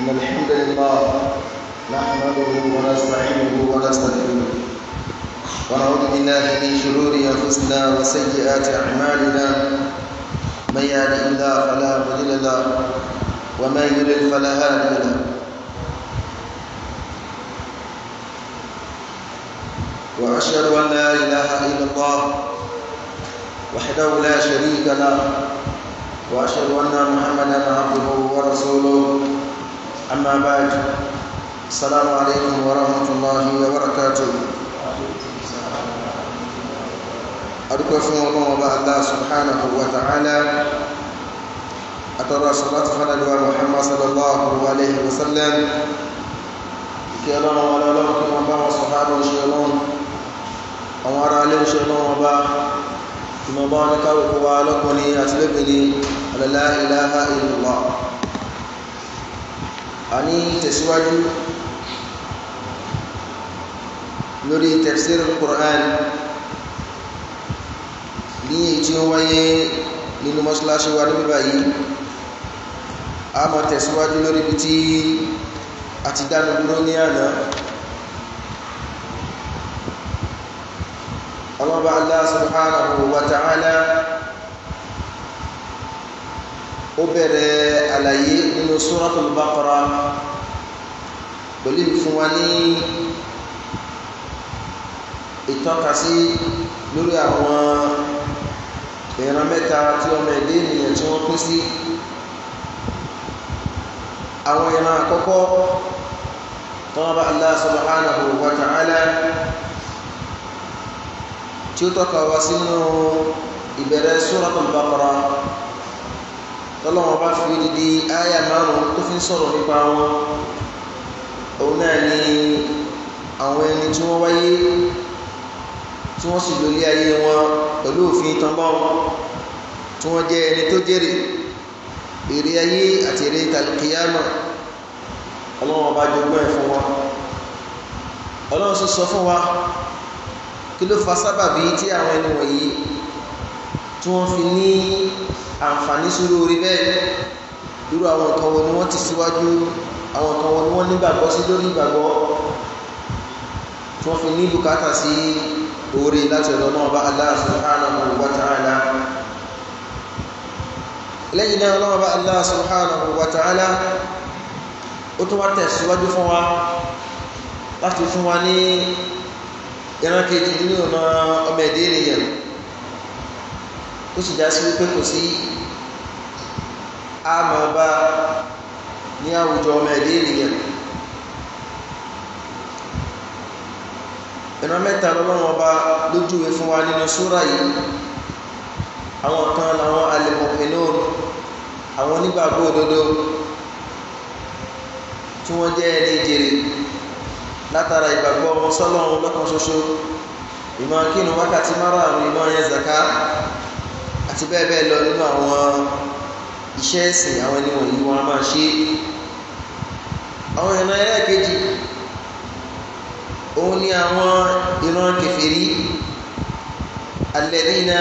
إن الحمد لله نحمده ونستعينه ونستغفره ونعوذ بالله من شرور أنفسنا وسيئات أعمالنا من يهد الله فلا مضل له ومن يضلل فلا هادي له وأشهد أن لا إله إلا الله وحده لا شريك له وأشهد أن محمدا عبده ورسوله أما بعد السلام عليكم ورحمة الله وبركاته أدوكو فún Ọlọ́run Ọba Allah subhanahu wa ta'ala atọ́rọ salatu fún àdúwà Muhammad sallallahu alayhi wa sallam kí Ọlọ́run Ọlọ́run kí wọ́n bá wọn sọ̀hábọ̀ ṣe Ọlọ́run àwọn ará alẹ́ ṣe Ọlọ́run Ọba ìmọ̀bá wọn ní káwọ̀ kó wa lọ́kùnrin àti lóbìnrin la ilaha illallah Ani ní tẹ̀síwájú lórí quran ní èyí tí ó wáyé nínú mọ́ṣáláṣí wa níbi báyìí a máa tẹ̀síwájú lórí ibi tí a ti dánu dúró ní àná Allah subhanahu wa ta'ala ó bẹ̀rẹ̀ àlàyé nínú Suratul Baqara pẹ̀lú ìfún wa ní ìtọ́kasí lórí àwọn ìran mẹ́ta tí ọmọ ẹ̀dá ènìyàn tí wọ́n pín sí àwọn ìran àkọ́kọ́ tọ́wọ́ bá Allah subhanahu wa ta'ala tí ó tọ́ka wá sínú ìbẹ̀rẹ̀ Suratul Baqara tọ́lọ́wọ́n bá fi dídí àyà márùn-ún tó fi ń sọ̀rọ̀ nípa wọn òun náà ni àwọn ẹni tí wọ́n wáyé tí wọ́n sì lólé ayé wọn pẹ̀lú òfin tọ́gbọ́n tí wọ́n jẹ́ ẹni tó jèrè èrè ayé àti èrè tàlùkìyàmà ọlọ́wọ́n bá jogún ẹ̀ fún wọn ọlọ́run sì sọ fún wa kí ló fa sábàbí tí àwọn ẹni wọ̀nyí tí wọ́n fi ní àǹfààní sórí orí bẹ́ẹ̀ irú àwọn nǹkan ni wọ́n ti síwájú àwọn nǹkan ni wọ́n nígbàgbọ́ sí lórí ìgbàgbọ́ tí wọ́n fi ní si sí orí láti ọ̀dọ̀ náà bá Allah subhanahu wa ta'ala lẹ́yìn náà ọlọ́run bá Allah subhanahu wa ta'ala ó tún wá tẹ̀síwájú fún wa láti fún wa ní ìránkejì nínú ọmọ ẹ̀dẹ́ ènìyàn ó sì já sí wípé kò sí àmọ́ba ní àwùjọ ọmọ ẹ̀dẹ́ ènìyàn ìran mẹ́ta lọ́lọ́run ọba lójúwe fún wa nínú súrà yìí àwọn kan làwọn alẹ́mọ̀pẹ̀lú àwọn onígbàgbọ́ òdodo tí wọ́n jẹ́ ẹni ìjèrè látara ìgbàgbọ́ wọn sọ́lọ́run lọ́kan ṣoṣo ìmọ̀ kínú wákàtí márùn-ún ìmọ̀ yẹn zaka àti bẹ́ẹ̀ bẹ́ẹ̀ lọ nínú àwọn iṣẹ́ ẹ̀sìn àwọn ẹni wọ̀nyí wọn a máa ṣe àwọn ìran ẹlẹ́ẹ̀kejì òun ni àwọn ìran kẹfìrí alladhina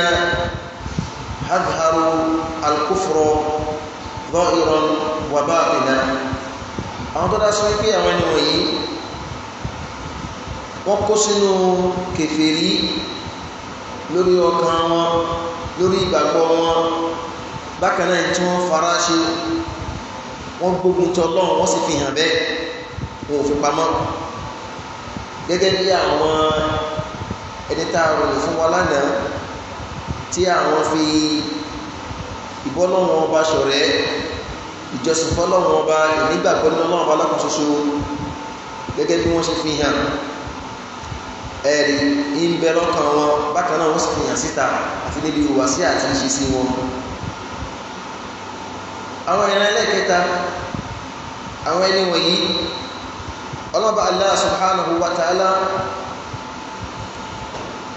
hadharu al-kufra zahiran wa batinan àwọn tó dá sí wípé àwọn ẹni wọ̀nyí wọ́n kó sínú kẹfìrí lórí ọkàn wọn lórí ìgbàgbọ́ wọn bákan náà tí wọ́n fara ṣe wọ́n gbógun ti Ọlọ́run wọ́n sì fi hàn bẹ́ẹ̀ wọn ò fi pamọ́ gẹ́gẹ́ bí àwọn ẹni tá a ròyìn fún wa lánàá tí àwọn fi ìbọ́lọ́wọ́n ọba ṣọ̀rẹ́ ìjọsìn fọ́lọ́wọ́n ọba ìnígbàgbọ́ nínú Ọlọ́run ọba alákòóso gẹ́gẹ́ bí wọ́n ṣe fi hàn ẹ̀rí ń bẹ lọ́kàn wọn bákan náà wọ́n sì fìyàn síta àti níbi ìhùwàsí àti ìṣesí wọn. àwọn ìran ẹlẹ́ẹ̀kẹta àwọn ẹni wọ̀nyí ọlọ́ba Allah subhanahu wa ta'ala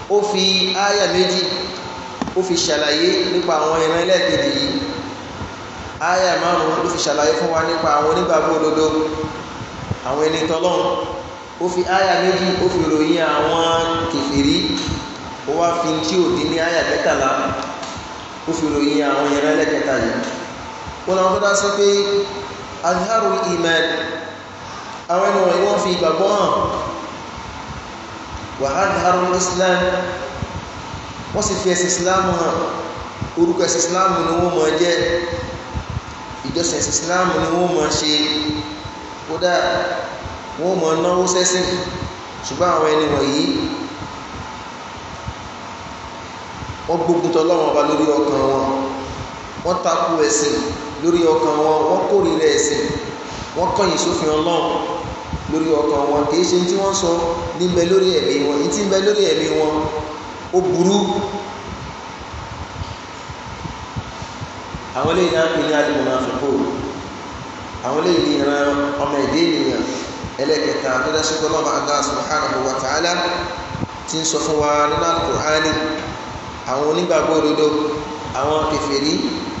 ó fi ááyà méjì ó fi ṣàlàyé nípa àwọn ìran ẹlẹ́ẹ̀kejì yìí ááyà márùn-ún ló fi ṣàlàyé fún wa nípa àwọn onígbàgbọ́ òdodo àwọn ẹni tọ́lọ́run ó fi àyà méjì ó fi ròyìn àwọn kèfèrí ó wá fi tí ò dín ní àyà mẹ́tàlá ó fi ròyìn àwọn yẹn lẹ́kẹ̀ẹ́ta yìí wọn làwọn tó dá sí pé azharu iman àwọn ẹni wọ̀nyí wọ́n fi ìgbàgbọ́ hàn wa azharu islam wọ́n sì fi ẹ̀sìn islam hàn orúkọ ẹ̀sìn islam ni wọ́n mọ̀ jẹ́ ìjọsìn ẹ̀sìn islam ni wọ́n mọ̀ ṣe kódà wọ́n mọ̀ náwó sẹ́sìn ṣùgbọ́n àwọn ẹni wọ̀nyí wọ́n gbógun tọ́ lọ́wọ́n ọba lórí ọkàn wọn wọ́n takú ẹ̀sìn lórí ọkàn wọn wọ́n kórìíra ẹ̀sìn wọ́n kọ̀yìn sófin ọlọ́run lórí ọkàn wọn kì í ṣe tí wọ́n sọ níbẹ̀ lórí ẹ̀mí wọn èyí tí ń bẹ lórí ẹ̀mí wọn ó burú àwọn eléyìí náà pè ní adìmọ̀ náà fẹ́ kó àwọn eléyìí ní ìran ọmọ ẹ̀dẹ́ ènìyàn ẹlẹ́kẹta tó dá sípò lọ́wọ́ Allah subhanahu wa ta'ala ti ń sọ fún wa nínú alukur'ani àwọn onígbàgbọ́ òdodo àwọn kèfèrí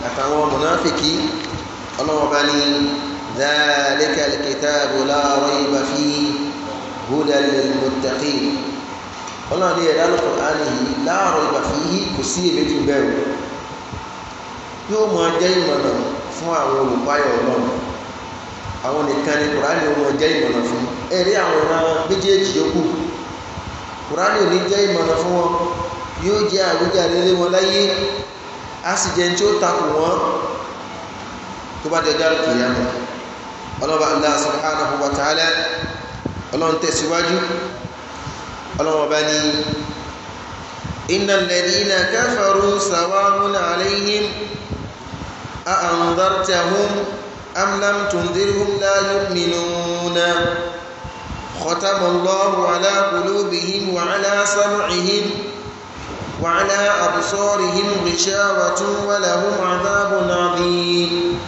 àtàwọn mùnáfìkì ọlọ́wọ́ bá ní dhalika al-kitabu la rayba fihi hudan lil-muttaqin ọlọ́wọ́ ní ẹ̀dá alukur'ani yìí la rayba fihi kò sí èméjì bẹ́ẹ̀ yóò máa jẹ́ ìmọ̀nà fún àwọn olùpáyọ̀ ọlọ́run àwọn nìkan ni kùránì ó máa jẹ́ ìmọ̀nà fún ẹ̀rí àwọn ọ̀nà méjèèjì yòókù kùránì ò ní jẹ́ ìmọ̀nà fún wọn yóò jẹ́ àwíjàre lé wọn láyé á sì jẹ́ tí ó takò wọn tó bá dẹjọ́ àlùkìyà mọ́ ọlọ́ba Allah subhanahu wa ta'ala ọlọ́run tẹ̀síwájú ọlọ́run ọba ní innal ladina kafaru sawa'un alayhim a anzartahum. أم لم تنذرهم لا يؤمنون ختم الله على قلوبهم وعلى سمعهم وعلى أبصارهم غشاوة ولهم عذاب عظيم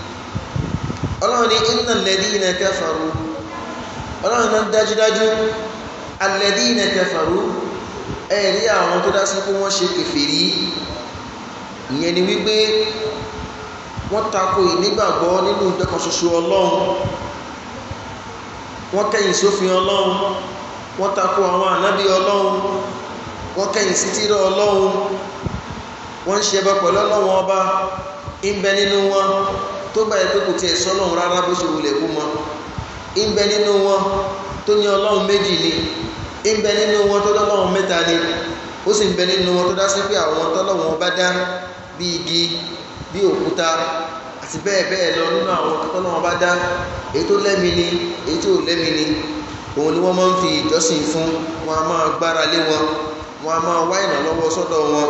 ọlọ́run ní iná lẹ́dínà kẹfàrú ọlọ́run náà dájúdájú alẹ́dínà kẹfàrú ẹ̀rí àwọn tó dá sí pé wọ́n ṣe kèfèrí ìyẹn ni wípé wọ́n tako ìnígbàgbọ́ nínú ìdẹ́kan ṣoṣo ọlọ́run wọ́n kẹ́yìn sófin ọlọ́run wọ́n tako àwọn ànábì ọlọ́run wọ́n kẹ́yìn sí tírà ọlọ́run wọ́n ń ṣẹbọ pẹ̀lú ọlọ́run ọba ń bẹ nínú wọn tó gbà yẹ pé kò tiẹ̀ sọ́lọ́run rárá bó ṣe wulẹ̀ kú mọ́ ń bẹ nínú wọn tó ní ọlọ́run méjì ni ń bẹ nínú wọn tó dọ́lọ́run mẹ́ta ni ó sì ń bẹ nínú wọn tó dá sí pé àwọn tọ́lọ́run ọba dá bí igi bí òkúta àti bẹ́ẹ̀ bẹ́ẹ̀ lọ nínú àwọn tọ́nà wọn bá dá èyí tó lẹ́mi ni èyí tó lẹ́mi ni òun ni wọ́n máa ń fi ìjọsìn fún wọn a máa gbára lé wọn wọn a máa wá ìrànlọ́wọ́ sọ́dọ̀ wọn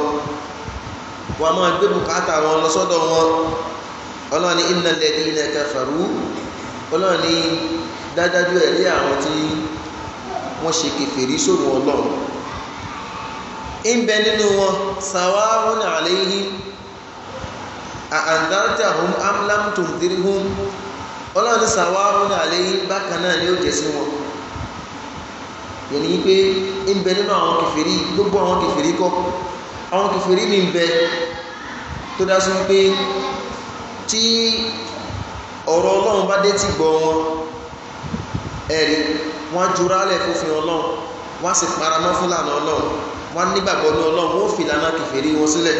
wọn a máa gbé bùkátà wọn lọ sọ́dọ̀ wọn ọlọ́run ní innal ladina kafaru ọlọ́run ní dájájú ẹ̀ lé àwọn tí wọ́n ṣe kèfèrí sóhun ọlọ́run ń bẹ nínú wọn sàwárùn alayhi àǹdáńtàhùn amlam tòǹdírìhùn ọlọ́run sàwárùn àléyìn bákan náà ni ó jẹ́ sí wọn yẹn ni pé ń bẹ nínú àwọn kẹfìrí gbogbo àwọn kẹfìrí kọ àwọn kẹfìrí mi ń bẹ tó dá sí pé tí ọ̀rọ̀ ọlọ́run bá dé ti gbọ́ wọn ẹ̀rí wọ́n jura lẹ̀ fófin ọlọ́run wọ́n sì paramọ́ fúlànà ọlọ́run wọ́n nígbàgbọ́ ní ọlọ́run wọ́n fìlànà kẹfìrí wọn sílẹ̀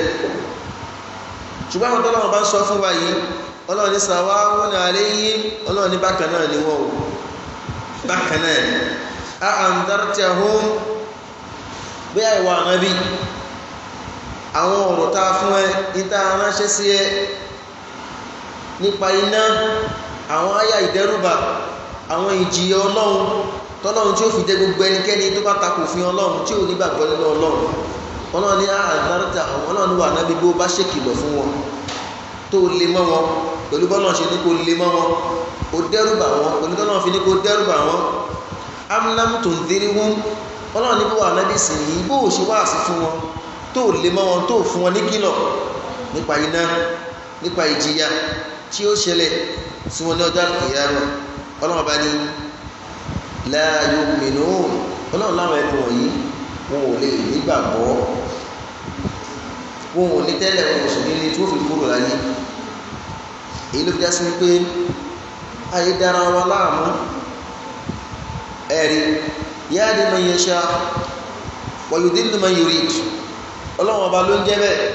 ṣùgbọ́n àwọn tọ́lọ́wọ́n bá ń sọ fún wa yìí ọlọ́run ní sàwá wọn ní alẹ́ yìí ọlọ́run ní bákan náà ni wọ́n o bákan náà ni a àǹdártẹ̀ hún bí àìwà àwọn bí àwọn ọ̀rọ̀ tá a fún ẹ níta ránṣẹ́ sí ẹ nípa iná àwọn àyà ìdẹ́rùbà àwọn ìjìyà ọlọ́run tọ́lọ́run tí ó fi dé gbogbo ẹnikẹ́ni tó bá takò fi ọlọ́run tí ò ní gbàgbọ́ nínú ọlọ́run ọlọ́run ní àdáńtà ọlọ́run ní wà nábí bó bá ṣèkìlọ̀ fún wọn tó lè mọ́ wọn pẹ̀lú bọ́lọ̀ ṣe ní kó lè mọ́ wọn ó dẹ́rùbà wọn pẹ̀lú tọ́lọ́ fi ní kó dẹ́rùbà wọn amúnámù tó ń dérí wọn ọlọ́run ní bó wà nábí sì ní bó ò ṣe wáàsí fún wọn tó lè mọ́ wọn tó fún wọn ní kìlọ̀ nípa iná nípa ìjìyà tí ó ṣẹlẹ̀ sí wọn ní ọjọ́ ìyá wọn ọlọ́run bá ní láàyò mìíràn ọlọ́run láwọn ẹni wọn ò ní tẹ́lẹ̀ wọn ò sì ní ní tí wọ́n fi kúrò láyé èyí ló fi dásí wípé ayé dára wa láàmú ẹ̀rí yáàdì man yasha wa yudillu man yurid ọlọ́wọ́n ọba ló ń jẹ́ bẹ́ẹ̀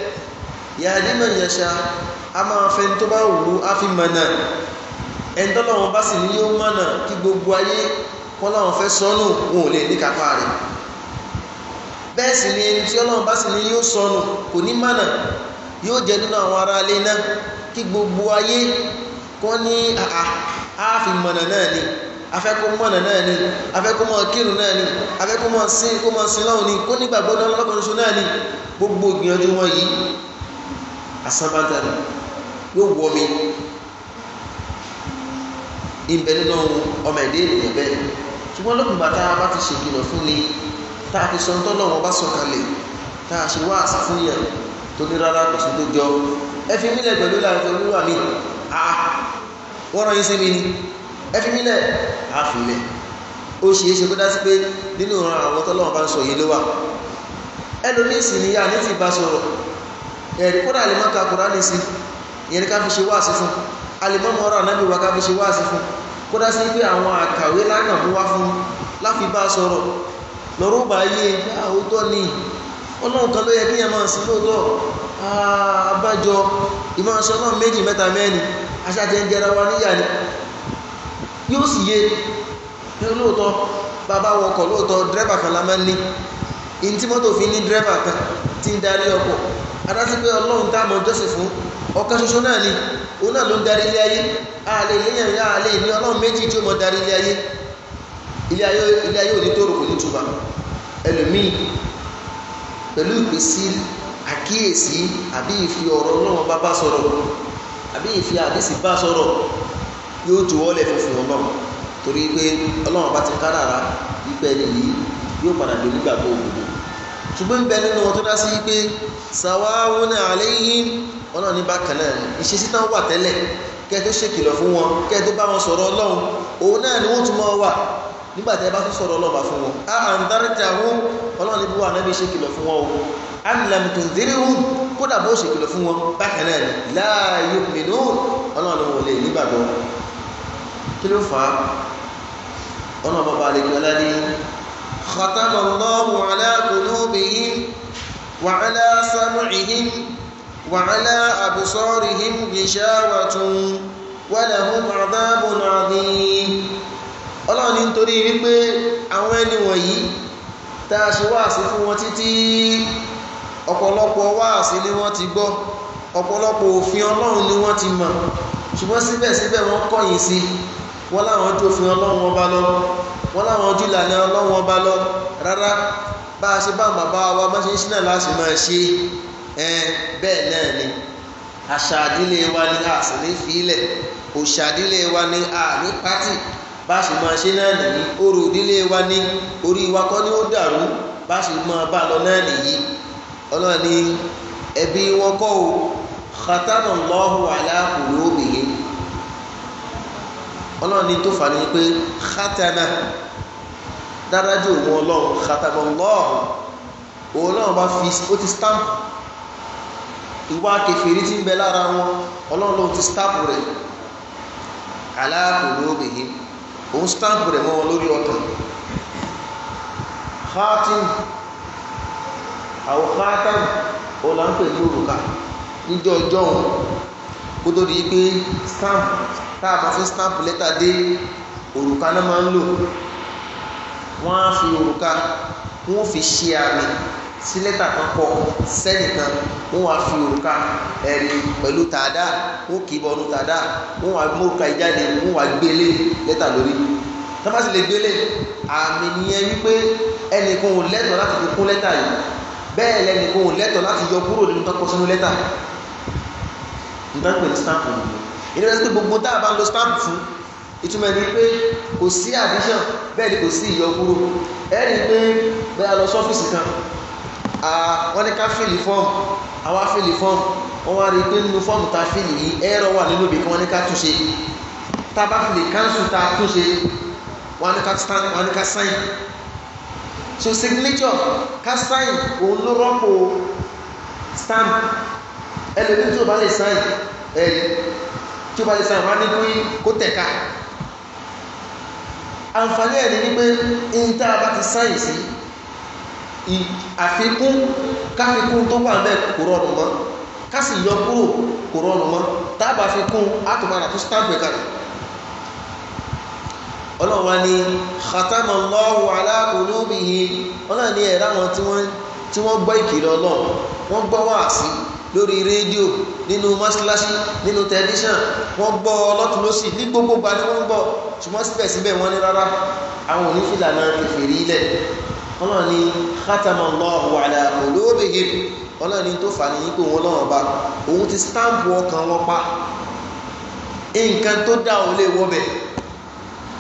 yáàdì man yasha a máa fẹ́ tó bá wù ú á fi mọ̀nà ẹni tọ́lọ́wọ́n bá sì ní yóò mọ̀nà kí gbogbo ayé kọ́láwọn fẹ́ sọ́nù wọn ò lè ní kápá rẹ̀ bẹ́ẹ̀ sì ni ẹni tí ọlọ́run bá sì ni yóò sọnù kò ní mànà yóò nínú àwọn ará ilé náà gbogbo ayé kọ́ ní mọ̀nà náà ni afẹ́kọ́ mọ̀nà náà ni afẹ́kọ́ mọ̀ kírun náà ni afẹ́kọ́ mọ̀ sí ni kó náà gbogbo ìgbìyànjú wọn yìí asábàtà ni yóò wọ mi ìbẹ̀ nínú ọmọ ẹ̀dẹ́ bá ti ṣèkìlọ̀ ni tá a ti sọ nítorí Ọlọ́run bá sọ̀kalẹ̀ tá a ṣe wá àṣà fún yẹn tó ní rárá kò tó jọ ẹ fi mílẹ̀ pẹ̀lú ìlànà tó wíwà mí a wọ́n rán yín sí mi ni ẹ fi mílẹ̀ a fi lẹ̀ ó ṣeé ṣe kó dá sí pé nínú ìran àwọn tọ́lọ́run bá ń sọ yìí ló wà ẹlòmíì sì ni yáà ní ti bá sọ̀rọ̀ ẹ̀rí kódà lè mọ́ka kùránì sí ìyẹn ká fi ṣe wáàsí fún alẹ́mọ́mọ́ ọ̀rọ̀ ànábì wa ká fi ṣe wáàsí fún kódà sí lọ́rọ́ bá yé a ụtọ ni ọlọ́run kan ló yẹ kí yẹn máa sí lóòótọ́ àbájọ ìmọ̀ọ́sọ náà méjì mẹ́ta mẹ́rin aṣáájú ẹni jẹra wa níyà ni yóò sì yé ẹ lóòótọ́ bàbá wọkọ̀ lóòótọ́ dírẹ́bà kan la máa ń ní kan ti ń darí ọkọ̀ adásí pé ọlọ́run tá a mọ̀ jọ́sìn fún ṣoṣo náà ni òun náà ló ń darí ilé ayé àlè yá àlè ọlọ́run ilé ayé ilé ayé òní tóorò kò ní túbà ẹlòmíì pẹ̀lú ìpèsè àkíyèsí àbí ìfi ọ̀rọ̀ náà bá bá sọ̀rọ̀ àbí ìfi àdìsí bá sọ̀rọ̀ yóò ju wọ́lẹ̀ fúnfún ọlọ́run torí pé ọlọ́run bá ti kádàrá wípé ẹni yìí yóò padà dé nígbà tó gbogbo ṣùgbọ́n bẹ nínú wọn tó dá sí pé sàwáwọ́n náà àléyìn ọlọ́run ní bákan náà ìṣesí náà wà tẹ́lẹ̀ kẹ́ẹ̀ tó ṣèkìlọ̀ fún wọn kẹ́ẹ̀ tó bá wọn sọ̀rọ̀ ọlọ́run òun náà ni wọ́n tún máa wà nígbàtí ẹ bá tún sọ̀rọ̀ ọlọ́ọ̀bà fún wọn a à ń dárẹ́jà wọn ọlọ́run níbi wà náà ṣe kìlọ̀ fún wọn o a ń lẹ́mú tó ń dérí hù kódà bó ṣe fún wọn bákan náà ni láàyè mìíràn ọlọ́run wọlé nígbàgbọ́ kí ló fà á ọlọ́run bàbá rẹ̀ gbọ́lá ní khatama Allahu ala qulubihim wa ala sam'ihim wa ala absarihim ọlọ́run ní nítorí wípé àwọn ẹni wọ̀nyí tá a ṣe wáàsí fún wọn títí ọ̀pọ̀lọpọ̀ wáàsí ni wọ́n ti gbọ́ ọ̀pọ̀lọpọ̀ òfin ọlọ́run ni wọ́n ti mọ̀ ṣùgbọ́n síbẹ̀síbẹ̀ wọ́n kọ̀yìn sí wọ́n láwọn ojú òfin ọlọ́run ọba lọ wọ́n láwọn ojú ìlànà ọlọ́run ọba lọ rárá bá a ṣe bá bàbá wa bá ṣe ń ṣí náà láti máa ṣe bẹ́ẹ̀ náà ni àṣà àdílé wa ni àṣìlè fi òṣà àdílé wa ni àní pátì bá sì máa ṣe náà nìyí orò ìdílé wa ní orí wa kọ́ ni ó dàrú bá sì máa bá lọ náà nìyí ọlọ́run ní ẹbí wọn kọ́ o khatana Allahu ala qulubihim ọlọ́run ní tó fà ní pé khatana dáradì òun ọlọ́run khatana Allahu òun náà bá fi ó ti stamp ìwà kẹfìrí tí ń bẹ lára wọn ọlọ́run ló ti stamp rẹ̀ ala qulubihim òun stamp rẹ̀ mọ́ wọn lórí ọkàn khatim àwọn khatam ọ̀la ń pè ní òrùka níjọ́ ọjọ́ òun kó tó di pé stamp tá a máa fi stamp lẹ́tà dé òrùka náà máa ń lò wọ́n á fi òrùka wọ́n fi ṣe àmì sí lẹ́tà kan kọ sẹ́nìkan wọn wá fi òrùka ẹ̀rí pẹ̀lú tàdá wọn kì í bọ ọdún tàdá wọn wá mórùka ìjáde wọn wá gbélé lẹ́tà lórí tọ́ba sì lè gbélé àmì nìyẹn wípé ẹnìkan ò lẹ́tọ̀ọ́ láti fi kún lẹ́tà yìí bẹ́ẹ̀ lẹ́nìkan ò lẹ́tọ̀ọ́ láti yọ kúrò nínú tọ́kọ sínú lẹ́tà nítorí pé ní stamp nìyẹn ìdílé sọ gbogbo tá a bá lo stamp fún ìtumọ̀ ẹni pé kò sí addition bẹ́ẹ̀ ni kò sí ìyọkúrò ẹni pé bẹ́ẹ̀ lọ sọ́fíìsì kan wọ́n ní ká fìlì fọ́ọ̀mù àwa fìlì fọ́ọ̀mù wọ́n wá rí i pé nínú fọ́ọ̀mù ta fìlì yìí ẹ̀rọ wà nínú ibì kan wọ́n ní ká túnṣe tá a bá fìlì káńsù ta túnṣe wọ́n ní ká tán wọ́n ní ká sáìn so signature ká sáìn òun ló rọ́pò stamp ẹlẹ́ni tí o bá lè sáìn ẹ̀rí tí o bá lè sáìn wọ́n á ní kí kó tẹ̀ka àǹfààní ẹ̀ ní wípé ní tá a bá ti sáìn sí àfikún káfikún tó wà bẹ́ẹ̀ kò rọrùn mọ́ ká sì yọ kúrò kò rọrùn mọ́ tábà fi kún àtùmọ̀ràn tó stamp ẹ̀ka rẹ̀ ọlọ́wà ni khatama Allahu ala qulubihi ọlọ́wà ni ẹ̀rá wọn tí wọ́n gbọ́ ìkìlọ̀ ọlọ́run wọ́n gbọ́ wáàsí lórí rédíò nínú mọ́ṣáláṣí nínú tẹlifíṣàn wọ́n gbọ́ ọlọ́tún lọ́sì ní gbogbo gba ni wọ́n ń bọ̀ ṣùgbọ́n síbẹ̀síbẹ̀ wọ́n ní rárá àwọn onífìlànà kẹfìrí ilẹ̀ ọlọ́run ní khatamallahu ala qulubihim ọlọ́run ní tó fà ní yípo wọn lọ́wọ́ bá òun ti stampu ọkàn wọn pa nǹkan tó dá òun lè wọ́bẹ̀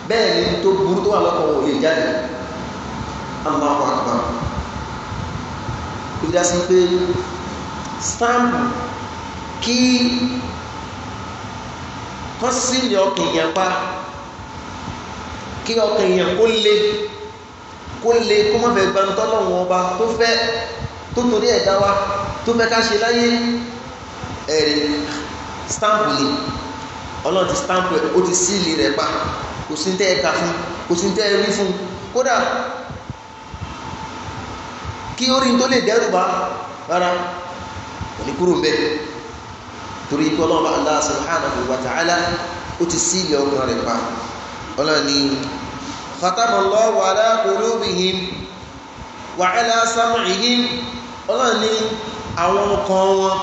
bẹ́ẹ̀ ni tó burú tó wà lọ́kàn wọn ò lè jáde Allahu akbar ó dá pé stampu kí kọ́sílì ọkàn yẹn pa kí ọkàn yẹn kó lé kó le kó má fẹ́ gbanutọ́ lọ́wọ́n ọba tó fẹ́ tó torí ẹ̀dá wa tó fẹ́ ká ṣe láyé ẹ̀rí stamp le ọlọ́run ti stamp rẹ̀ ó ti síìlì rẹ̀ pa kò sí tẹ́ ẹ kà fún kò sí tẹ́ ẹ rí fún kódà kí orí tó lè dẹ́rù bá rárá kò ní kúrò mbẹ́ torí ikú ọlọ́run Allah subhanahu wa ta'ala ó ti síìlì ọkùnrin rẹ̀ pa ọlọ́run ni khatama Allahu ala qulubihim wa ala sam'ihim ọlọ́run ní àwọn ọkàn wọn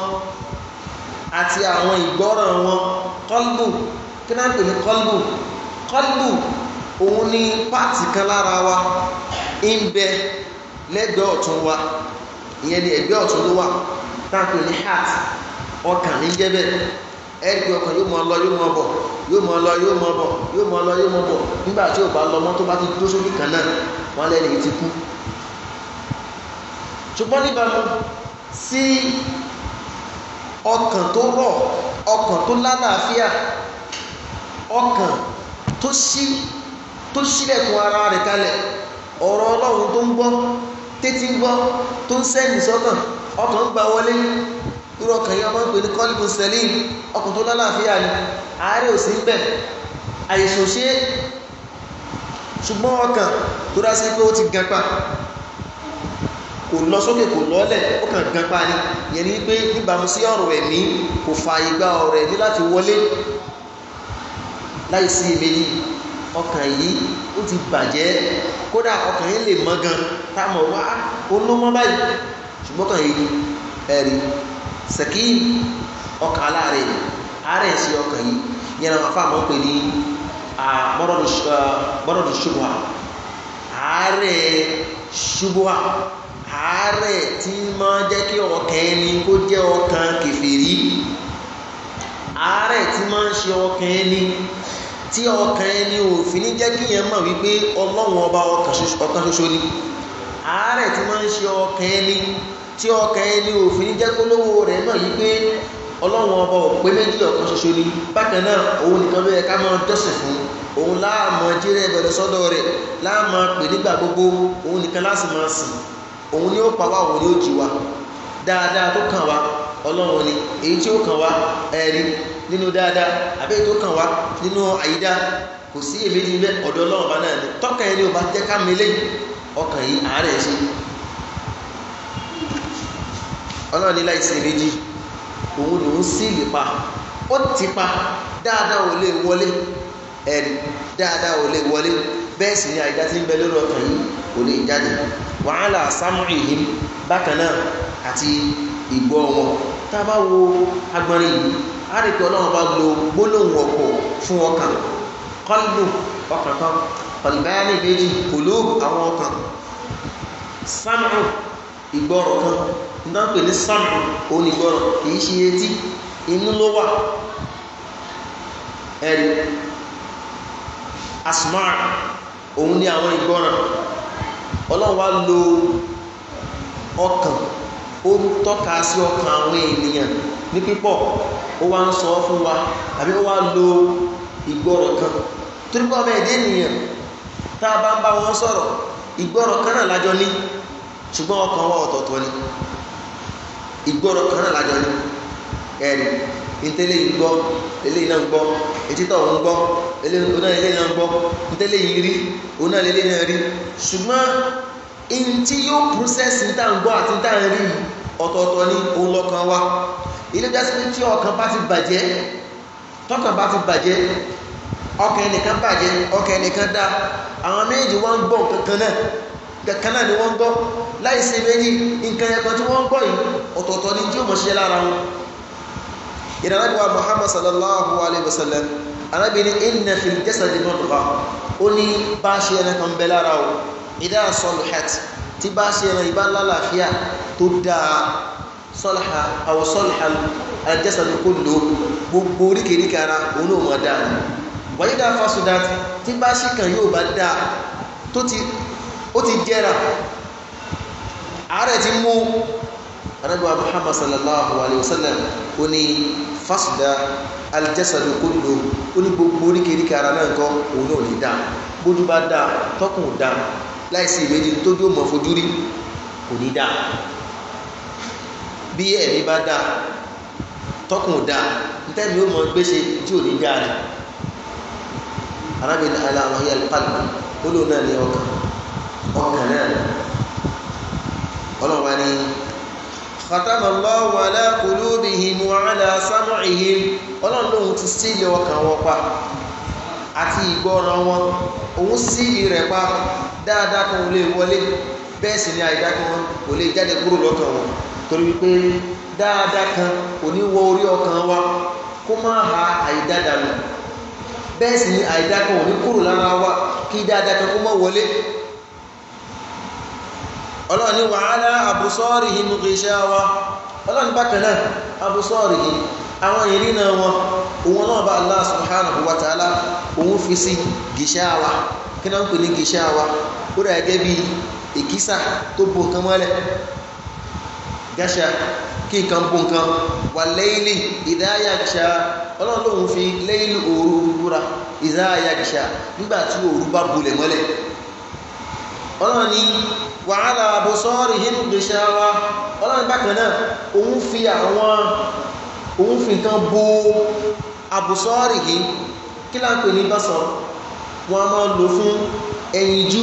àti àwọn ìgbọ́ràn wọn kọ́lbù kí náà pè ní kọ́lbù kọ́lbù òun ni páàtì kan lára wa ń bẹ lẹ́gbẹ̀ẹ́ ọ̀tún wa ìyẹn ni ẹ̀gbẹ́ ọ̀tún ló wà táà pè ní heart ọkàn ní jẹ́ ẹ̀ẹ́dì ọkàn yóò mọ lọ yóò mọ bọ̀ yóò mọ lọ yóò mọ bọ̀ yóò mọ lọ yóò mọ bọ̀ nígbà tí ò bá lọ mọ́ tó bá ti dúró sókè kan náà wọ́n lẹ́nu yìí ti kú. ṣùgbọ́n níbàámu sí ọkàn tó rọ̀ ọkàn tó lálàáfíà ọkàn tó ṣí tó ṣílẹ̀kùn ara rẹ̀ kalẹ̀ ọ̀rọ̀ ọlọ́run tó ń gbọ́ tètè ń gbọ́ tó ń sẹ́yìn sọ́kàn ọkàn gbà wọlé irú ọkàn yìí ọmọ ń pè ní kọ́líbù sẹ́lìm ọkùn tó lálàáfíà ni àárẹ̀ ò sí ń bẹ̀ àìsàn ṣe ṣùgbọ́n ọkàn tó dá sí pé ó ti gan pa kò lọ sókè kò lọ́lẹ̀ ó kàn gan pa ni yẹn ni pé níbàámu sí ọ̀rọ̀ ẹ̀mí kò fa ìgbà ọ̀rọ̀ ẹ̀mí láti wọlé láì sí èméjì ọkàn yìí ó ti bàjẹ́ kódà ọkàn yìí lè mọ́ gan táwọn ọ̀rọ̀ wá ó ló mọ́ báyìí ṣùgbọ́n ọkàn yìí ẹ̀rí sakin ọkàn aláàrẹ̀ àárẹ̀ sí ọkàn yìí yẹn náà fáwọn máa ń pè ní mọ́rọ̀dù ṣubúà àárẹ̀ ṣubúà àárẹ̀ tí máa jẹ́ kí ọkàn ẹni kó jẹ́ ọkàn kẹfìrí àárẹ̀ tí máa ń ṣe ọkàn ẹni tí ọkàn ẹni ò fi ní jẹ́ kí yẹn mọ̀ wípé ọlọ́run ọba ọkàn ṣoṣo ni àárẹ̀ tí máa ń ṣe ọkàn ẹni. tí ọkà ẹni òfin jẹ́ kólówó rẹ̀ náà yí pé ọlọ́run ọba ò pé méjì ọ̀kan ṣoṣo ni bákan náà òun nìkan ló ká máa fún òun láàmọ jírẹ́ ìbẹ̀rẹ̀ sọ́dọ̀ rẹ̀ pè gbogbo òun nìkan láti máa sìn òun ni ó pa wá òun ni wa dáadáa tó kàn wá ọlọ́run ni èyí tí ó kàn wá ẹ̀rí nínú dáadáa tó kàn wá nínú àyídá kò sí ọba náà ọlọ́run ní láìsí méjì òun lòún sílì pa ó ti pa dáadáa ò lè wọlé ẹ̀rí dáadáa ò lè wọlé bẹ́ẹ̀ sì ni àìdá tí ń bẹ lórí ọkàn yìí kò lè jáde wàhálà sámúrì yìí bákan náà àti ìgbọ́ wọn tá a bá wo agbọ̀nrín yìí á rí pé ọlọ́run bá lo gbólóhùn ọ̀pọ̀ fún ọkàn kọ́lù ọkàn kan kọ̀lùbáyánì méjì kòlóògùn àwọn ọkàn sámúrù ìgbọ́rọ̀ kan nítorí pé ní sàmù onígbọ́rọ̀ kìí ṣe etí inú ló wà ẹ̀rí asmar òun ní àwọn ìgbọ́ràn ọlọ́run wá lo ọkàn ó tọ́ka sí ọkàn àwọn ènìyàn ní pípọ̀ ó wá ń sọ fún wa àbí ó wá lo ìgbọ́rọ̀ kan torí ọmọ ẹ̀dẹ́ ènìyàn tá a bá ń bá wọn sọ̀rọ̀ ìgbọ́rọ̀ kan náà lájọ ní ṣùgbọ́n ọkàn wa ọ̀tọ̀ọ̀tọ̀ ni ìgbọ́rọ̀ kan náà lájọ ní ẹ̀rí ntẹ́lẹ̀ yìí gbọ́ eléyìí náà gbọ́ etítọ́ òun gbọ́ eléyìí náà gbọ́ ntẹ́lẹ̀ yìí rí òun náà lélẹ́yìí náà rí ṣùgbọ́n ntí yóò process níta ń gbọ́ àti níta ń rí ọ̀tọ̀ọ̀tọ̀ ní òun lọ́kàn wa ilé jásílẹ̀ tí ọkàn bá ti bàjẹ́ tọkàn bá ti bàjẹ́ ọkàn ẹnìkan bàjẹ́ ọkàn ẹnìkan dá àwọn méjì wọn ń gbọ́ kankan náà kankan náà ni wọ́n ń láì ṣe méjì nǹkan ẹ̀kan tí wọ́n ń yìí ọ̀tọ̀ọ̀tọ̀ ni tí ó mọ̀ ṣiṣẹ́ lára wọn ìrànlọ́gbà Muhammad sallallahu alayhi wa sallam anábì ní inna fil jasadi mudgha ó ní bá ṣe ẹran kan bẹ lára o idha salahat tí bá ṣe ẹran ìbá lálàáfíà tó dáa salaha aw salaha al-jasadu kulluhu gbogbo oríkèéríkèé ara òun náà mọ̀ dáa wa idha fasadat tí bá ṣe kan yóò bá dáa tó ti jẹ́ra àárẹ̀ ti mú anabi wa muhammad sallallahu alayhi wa sallam ó ní fásitì alijasadu kullu ó ní gbogbo oríkèéríkèé ara náà nǹkan òun náà lè dá bójú bá dá tọkùn dá láìsí ìmẹ́jì tójú òmò fojú rí kò ní dá bí ẹ̀mí bá dá tọkùn dá ntẹ́mi ó mọ gbéṣe tí ò ní dá rẹ̀ arábìnrin aláwọ̀ yẹ pàlùmọ́ ó lóun ọkàn ọkàn náà ọlọ́run wa khatama Allahu ala qulubihim wa ala sam'ihim ọlọ́run lóhun ti sílẹ̀ ọkàn wọn pa àti ìgbọ́ràn wọn òun sílẹ̀ rẹ̀ pa dáadáa kan ò lè wọlé bẹ́ẹ̀ sì ni àìdá kan kò lè jáde kúrò lọ́kàn wọn torí wípé dáadáa kan kò ní wọ orí ọkàn wa kó má ha àìdá dànù bẹ́ẹ̀ sì ni àìdá kan ò ní kúrò lára wa kí dáadáa kan kó má wọlé ọlọ́run ní wàhálà àbùsọ́ọ̀rì inú iṣẹ́ wa ọlọ́run bákan náà àbùsọ́ọ̀rì yìí àwọn ìrìnà wọn òun náà bá Allah subhanahu wa ta'ala òun fi sí gìṣẹ́ wa kí náà ń pè ní gìṣẹ́ wa ó rà gẹ́gẹ́ bí ìkísà tó bo nǹkan mọ́lẹ̀ gàṣà kí nǹkan bo nǹkan wà lẹ́yìnlì ìdáyàgìṣà ọlọ́run lòun fi lẹ́yìnlì òru búra ìdáyàgìṣà nígbà tí òru bá bolẹ̀ mọ́lẹ̀ ọlọ́run ni wàhálà àbọ̀sọ́ọ̀rì hínú gbèsè wa ọlọ́run bákan náà òun fi àwọn òun fi nǹkan bo àbọ̀sọ́ọ̀rì yìí kí là ń pè ní bàṣọ wọn a máa lò fún ẹyinjú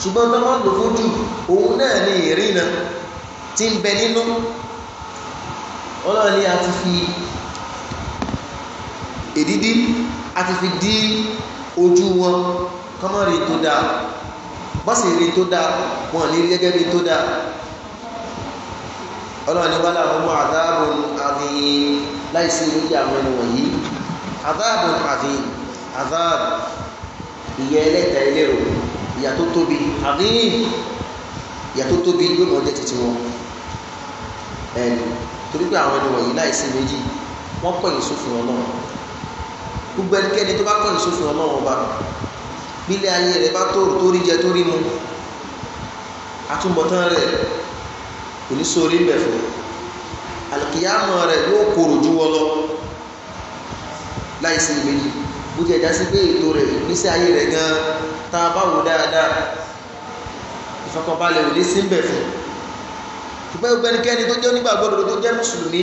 ṣùgbọ́n tó máa lò fún jù òun náà ni ìrìnà tí ń bẹ nínú ọlọ́run ni a ti fi èdídí a ti fi dí ojú wọn kọ́mọ́rì tó dáa bọ́ sì rí tó dáa wọn ní gẹ́gẹ́ bí tó dáa ọlọ́run ní wọ́n làwọn mú àdáàbùn àfihàn láìsí orí àwọn ẹni wọ̀nyí àdáàbùn àfihàn àdáàbùn ìyẹ́ ẹlẹ́ta ẹlẹ́rọ ìyà tó tóbi àfihàn ìyà tó tóbi yóò mọ̀ jẹ́ títí wọn ẹni torí pé àwọn ẹni wọ̀nyí láìsí méjì wọ́n kọ̀yìn sófin ọlọ́run gbogbo ẹnikẹ́ni tó bá kọ̀yìn sófin ọlọ́run ọba bílé ayé rẹ̀ bá tó tó rí jẹ tó rí mu àtúbọ̀tán rẹ̀ kò ní sórí ń bẹ̀ fún àlùkìyàmọ̀ rẹ̀ yóò korò ju wọ lọ láìsí ìmẹ́jì bó ti ẹ̀dá sí pé ètò rẹ̀ ìgbésí ayé rẹ̀ gan tá a bá wò dáadáa ìfọkànbalẹ̀ ò ní sí ń bẹ̀ fún ṣùgbọ́n ẹgbẹ́nikẹ́ni tó jẹ́ onígbàgbọ́dọ̀ tó jẹ́ mùsùlùmí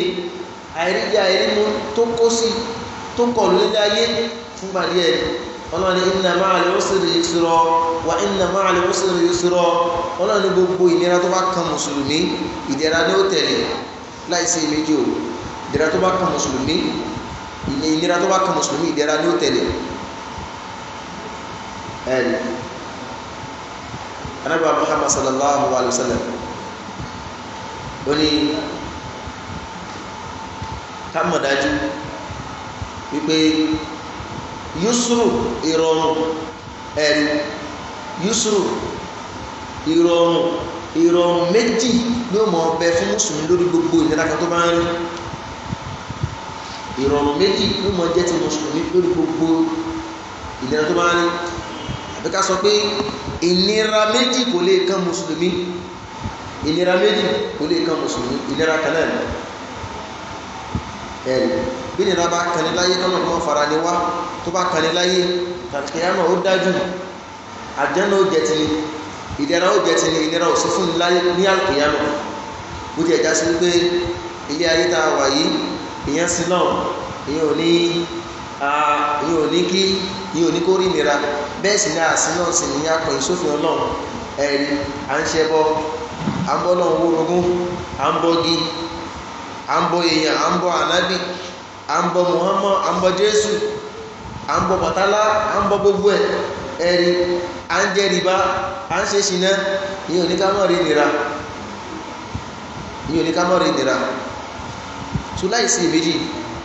àìríjà àìrímu tó kó sí tó kọ̀ lórí ayé fún balẹ̀ ẹ̀ ọlọ́ni inna ma'al usri yusra wa inna ma'al usri yusra ọlọ́ni gbogbo ìnira tó bá kan mùsùlùmí ìdẹ̀ra ni ó tẹ̀lé láìsí méjì o ìdẹ̀ra tó bá kan mùsùlùmí ìnira tó bá kan mùsùlùmí ìdẹ̀ra ni ó tẹ̀lé ẹ̀rí anábà Muhammad sallallahu alayhi wa sallam ó ní ká mọ̀ dájú wípé yusuru ìrọ̀rùn ẹ̀rù yusuru ìrọ̀rùn ìrọ̀rùn méjì ló mọ̀ ọbẹ̀ fún mùsùlùmí lórí gbogbo ìnira kan tó bá ń rí ìrọ̀rùn méjì ló mọ̀ jẹ́ ti mùsùlùmí lórí gbogbo ìnira tó bá ń rí àbí ká sọ pé ìnira méjì kò lè kan mùsùlùmí ìnira méjì kò lè kan mùsùlùmí ìnira kan náà ẹ̀rì bí nìyẹn bá kàní láyé kọ́nà tó wọ́n fara ni wá tó bá kàní láyé kìyàmọ̀ ó dájú àjẹ́nà ó jẹ tini ìdẹ̀ra ó jẹ tini ìdẹ̀ra ó sì fún láyé ní àkìyàmọ̀ bó ti ẹ̀já sí wípé ilé ayé tá a wà yìí ìyẹn sí náà ìyẹn ò ní ìyẹn ò ní kí ìyẹn ò ní kó rí ìnira bẹ́ẹ̀ sì ni àsìn náà sì ní akọ̀ ìsófin ọlọ́run ẹ̀rí à ń ṣẹbọ à ń bọ́ náà wórogún à ń bọ́gi à ń bọ èèyàn à ń bọ Muhammad à ń bọ Jésù à ń bọ bàtálá à ń bọ gbogbo ẹ̀ ẹ̀rí à ń jẹ à ń ṣe ṣìnà ìyẹn ò rí nira ìyẹn ò ní ká mọ̀ rí nira tùláì sí ìbejì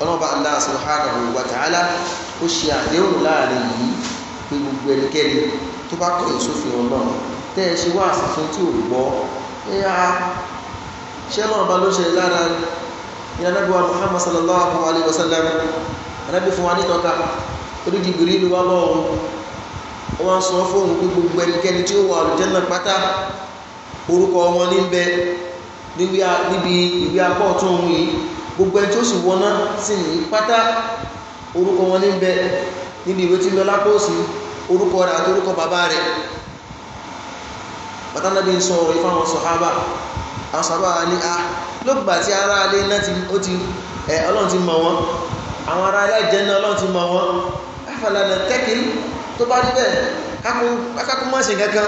ọlọ́ba Allah subhanahu wa ta'ala ó ṣe àdéhùn láàrin yìí pé gbogbo ẹnikẹ́ni tó bá kọ̀ ìsófin ọlọ́run tẹ́ ẹ ṣe wá àṣìṣe tí ò gbọ́ ẹ á ṣẹ́ náà ló ṣe lára ní anábíwá muhammad sallallahu alayhi wa sallam anábí fún wa nítọ́ka orí dìgbìrì ìlú wa bọ̀ ọ̀hún ó wá ń sọ fóun pé gbogbo ẹnikẹ́ni tí ó wà àlùjánnà pátá orúkọ wọn ní bẹ níbi ìwé apá ọ̀tún òun yìí gbogbo ẹni tí ó sì wọná sí ní pátá orúkọ wọn ní bẹ níbi ìwé tí ń lọ lápò orúkọ rẹ̀ àti orúkọ bàbá rẹ̀ bàtà náà bí ń sọ ọ̀rọ̀ ìfáwọn sọ̀hábà àwọn sọ̀hábà ní a. Ah, lókùgbà tí ará alé náà ti ó ti ẹ ọlọ́run ti mọ̀ wọ́n àwọn ará aláìjẹ́ náà ọlọ́run ti mọ̀ wọ́n afẹ́lẹ́nà tẹ́kì tó bá rí bẹ́ẹ̀ kákó má ṣe kankan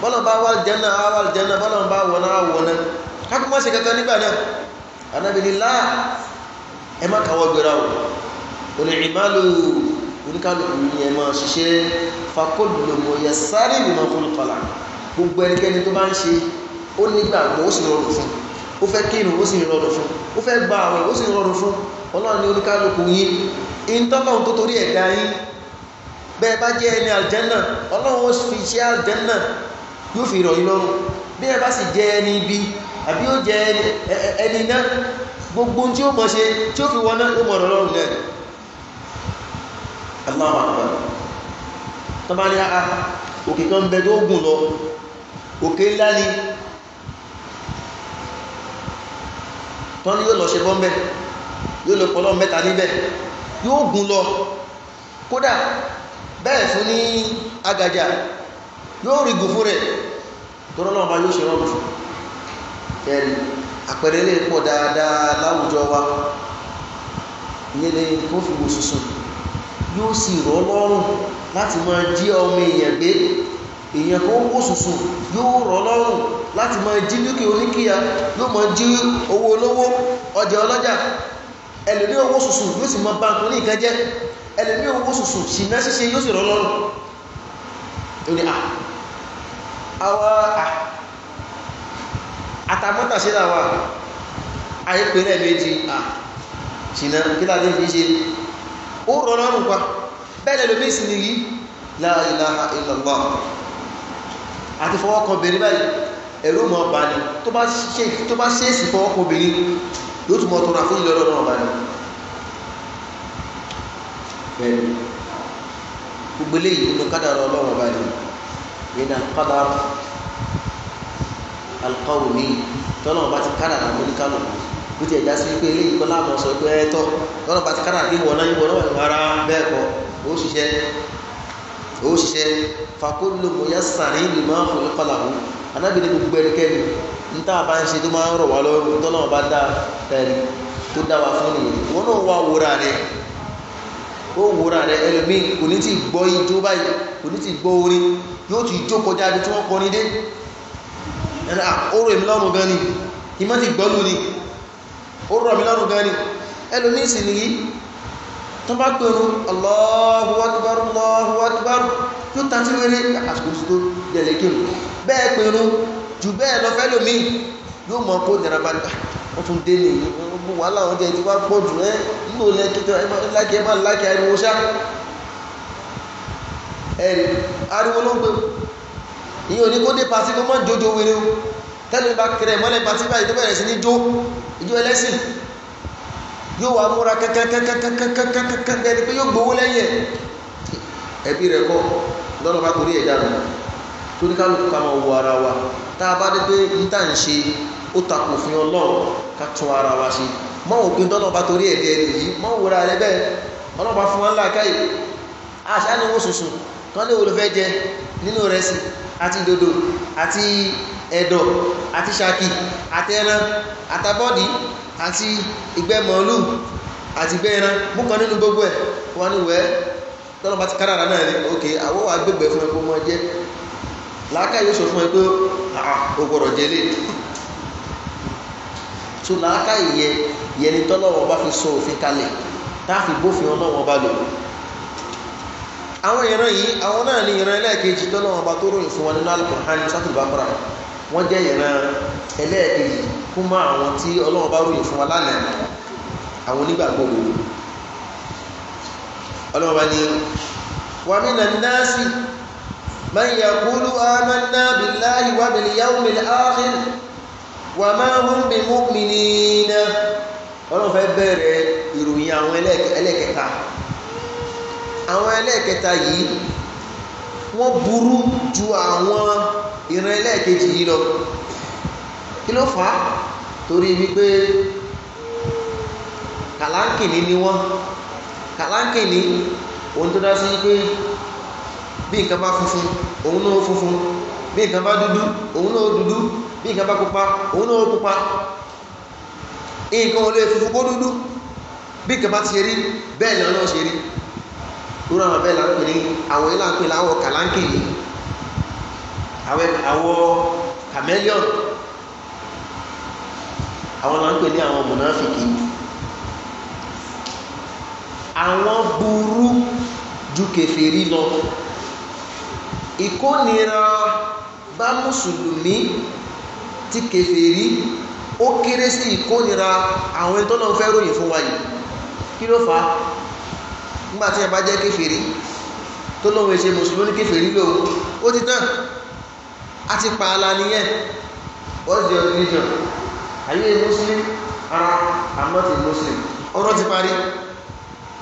bọ́lọ̀ bá wà lìjẹ́ náà á wà lìjẹ́ náà bọ́lọ̀ bá wọ̀ náà wọ̀ náà kákó má ṣe kankan nígbà náà anábìlì láà ẹ má kàwọ́ gbéra o olè ìmálò oníkálukú ni ẹ máa ṣiṣẹ́ fakólùmọ̀ yẹ sáré ìgbìmọ̀ fún ìkọlà gbogbo ẹnikẹ́ni tó bá ń ṣe ó nígbàgbọ́ ó sì rọrùn fún un ó fẹ́ kírun ó sì rọrùn fún ó fẹ́ gba àwẹ̀ ó sì rọrùn fún ọlọ́run ní oníkálukú yín ìntọ́lọ́run tó torí ẹ̀dá yín bẹ́ẹ̀ bá jẹ́ ẹni àlùjànnà ọlọ́run ó fi ṣe àlùjànnà yóò fi rọ̀ yín bí ẹ bá sì jẹ́ ẹni ibi àbí ó jẹ́ ẹni iná gbogbo tí ó mọ̀ ṣe tí ó fi wọná ó mọ̀ lọ́rùn náà Allahu Akbar tọ́ba àá òkè kan bẹ tó gùn lọ òkè ńlá ni tán ni yóò lọ ṣe bọ́m̀bẹ̀ yóò lọ pọ̀lọ́ mẹ́ta níbẹ̀ yóò gùn lọ kódà bẹ́ẹ̀ fún ní agajà yóò rí gùn fún rẹ̀ tọ́lọ́lọ́ ọba yóò ṣe rọ́ọ̀mù fún ẹ̀rí àpẹẹrẹ lè pọ̀ dáadáa láwùjọ wa ìyẹn lè kó fi wò sùsùn yóò sì rọ̀ lọ́rùn láti máa jí ọmọ èèyàn gbé èèyàn kó wò sùsùn yóò rọ̀ lọ́rùn láti máa jí dúkìá oníkìá yóò máa jí owó olówó ọjà ọlọ́jà ẹlòmí owó sùsù yóò sì máa báńkì ní ìkan jẹ́ ẹlòmí owó sùsù ṣìnà ṣíṣe yóò sì rọ lọ́rùn ó ní àwa àtàmọ́tà ṣe náà wà àyípe náà méjì ṣìnà kí láti fi ṣe ó rọ lọ́rùn pa bẹ́ẹ̀ lómi sì àti fọwọ́ kan bẹ̀rẹ̀ báyìí ẹ̀rú mọ́ ọba ni tó bá ṣèèsì fọwọ́ kan obìnrin yóò tún mọ́ tọrọ àfojì lọ́dọ̀ náà ọba ni. bẹ́ẹ̀ gbogbo eléyìí nínú kádàrá ọlọ́run ọba ni nínú kádàrá alukọ́wò ní tọ́lọ́run ọba ti kádàrá mọ́níkàlùkù bó ti ẹ̀dá sí pé eléyìí kọ́ láàmú sọ pé ẹ tọ́ tọ́lọ́run ọba ti kádàrá bí wọ́n náà yíwọ́ náà wà rárá bẹ́ẹ̀ kọ́ ó ṣiṣẹ́ ó ṣiṣẹ́ fakulu muyassari lima khuliqa lahu anábì ní gbogbo ẹnikẹ́ni ní tá a bá ń ṣe tó máa ń rọ̀ wá lọ́rùn tó náà bá dá ẹ̀rí tó dá wa fún nìyí wọn náà wá wúra rẹ ó wúra rẹ ẹlòmíì kò ní ti gbọ́ ijó báyìí kò ní ti gbọ́ orin yóò ti jó kọjá ibi tí wọ́n kọrin dé ẹnà ọ̀rọ̀ èmi lọ́rùn gan ni ìmọ̀ ti gbọ́lù ni ọ̀rọ̀ mi lọ́rùn gan ni ẹlòmíì sì nìyí tó bá pẹ̀rún Allahu Akbar Allahu Akbar yóò tàbí wẹ́rẹ́ àsìkò tó dẹ̀lẹ́kẹ̀ẹ́ bẹ́ẹ̀ pinnu jù bẹ́ẹ̀ lọ fẹ́ lómi yóò mọ kó nira bá nípa wọ́n tún dé nìyí gbogbo wàhálà wọn jẹ́ ti wá pọ̀ jù ẹ́ nílò lẹ́kìtọ́ ẹ máa lákì ẹ máa lákì ariwo ṣá ẹ̀rì ariwo ló ń pè ìyẹn ò kó dé pàṣẹ kó má jojo wéré o tẹ́lẹ̀ bá kẹrẹ̀ mọ́lẹ̀ pàṣẹ báyìí tó bẹ̀rẹ̀ sí ní jó ìjó ẹlẹ́sìn yóò wá múra kankankankankankankankan torí kálukú ká máa wo ara wa tá a bá dé pé ní tá à ń ṣe ó takò fún ọlọ́run ká tún ara wa ṣe mọ́ òpin tọ́lọ́ bá torí ẹ̀dẹ̀ ẹ̀dẹ̀ yìí mọ́ òwúra rẹ bẹ́ẹ̀ ọlọ́run bá fún wọn láàkáyè àṣà ni wọ́n sùnsùn kán lè wo ló fẹ́ jẹ nínú rẹ̀ sí àti dòdò àti ẹ̀dọ̀ àti ṣàkì àti ẹran àtàbọ́dì àti ìgbẹ́ mọ̀ọ́lù àti ìgbẹ́ ẹran mú kan nínú gbogbo ẹ̀ wọ́n ní wẹ́ẹ́ tọ́lọ́ ti kádàrà làákà yóò sọ fún ẹ pé ah, o gbọ́dọ̀ jẹlé so làákà yẹ yẹni tọ́lọ́wọ́ bá fi sọ òfin kalẹ̀ tá a fi bófin ọlọ́wọ́ bá lò àwọn ìran yìí àwọn náà ní ìran ẹlẹ́ẹ̀kejì tọ́lọ́wọ́ bá tó ròyìn fún wa nínú Al-Qur'an suratul Baqara wọ́n jẹ́ ìran ẹlẹ́ẹ̀kejì kún mọ́ àwọn tí ọlọ́wọ́ bá ròyìn fún wa lánàá àwọn onígbàgbọ́ wò ọlọ́wọ́ bá ní wàmínà náà sí. من يقول آمنا بالله وباليوم الآخر وما هم بمؤمنين ọlọ́run fẹ́ bẹ̀rẹ̀ ìròyìn àwọn ẹlẹ́kẹta àwọn ẹlẹ́kẹta yìí wọ́n burú ju àwọn ìran ẹlẹ́kejì yìí lọ kí ló fà á torí wípé kàlánkìní ni wọ́n kàlánkìní ohun tó dá sí wípé bí nǹkan bá funfun òun náà funfun bí nǹkan bá dúdú òun náà dúdú bí nǹkan bá pupa òun náà pupa nǹkan olè funfun kó dúdú bí nǹkan bá ti rí bẹ́ẹ̀ ni ọlọ́run ṣe rí lórí àwọn bẹ́ẹ̀ láńpẹ́ ní àwọn ilé àńpẹ́ láwọ̀ kàláńkì yìí àwọ̀ chameleon àwọn láńpẹ́ ní àwọn mùnáfìkì àwọn burú ju kèfèrí lọ ìkónira bá mùsùlùmí ti kèfèrí ó kéré sí ìkónira àwọn ẹni tọ́lọ́ fẹ́ ròyìn fún wa yìí kí ló fà á nígbà tí ẹ bá jẹ́ kèfèrí tó lóun ṣe mùsùlùmí kèfèrí lòun ó ti tán a ti pààlà nìyẹn what's your religion are you a muslim ara i'm not a muslim ọ̀rọ̀ ti parí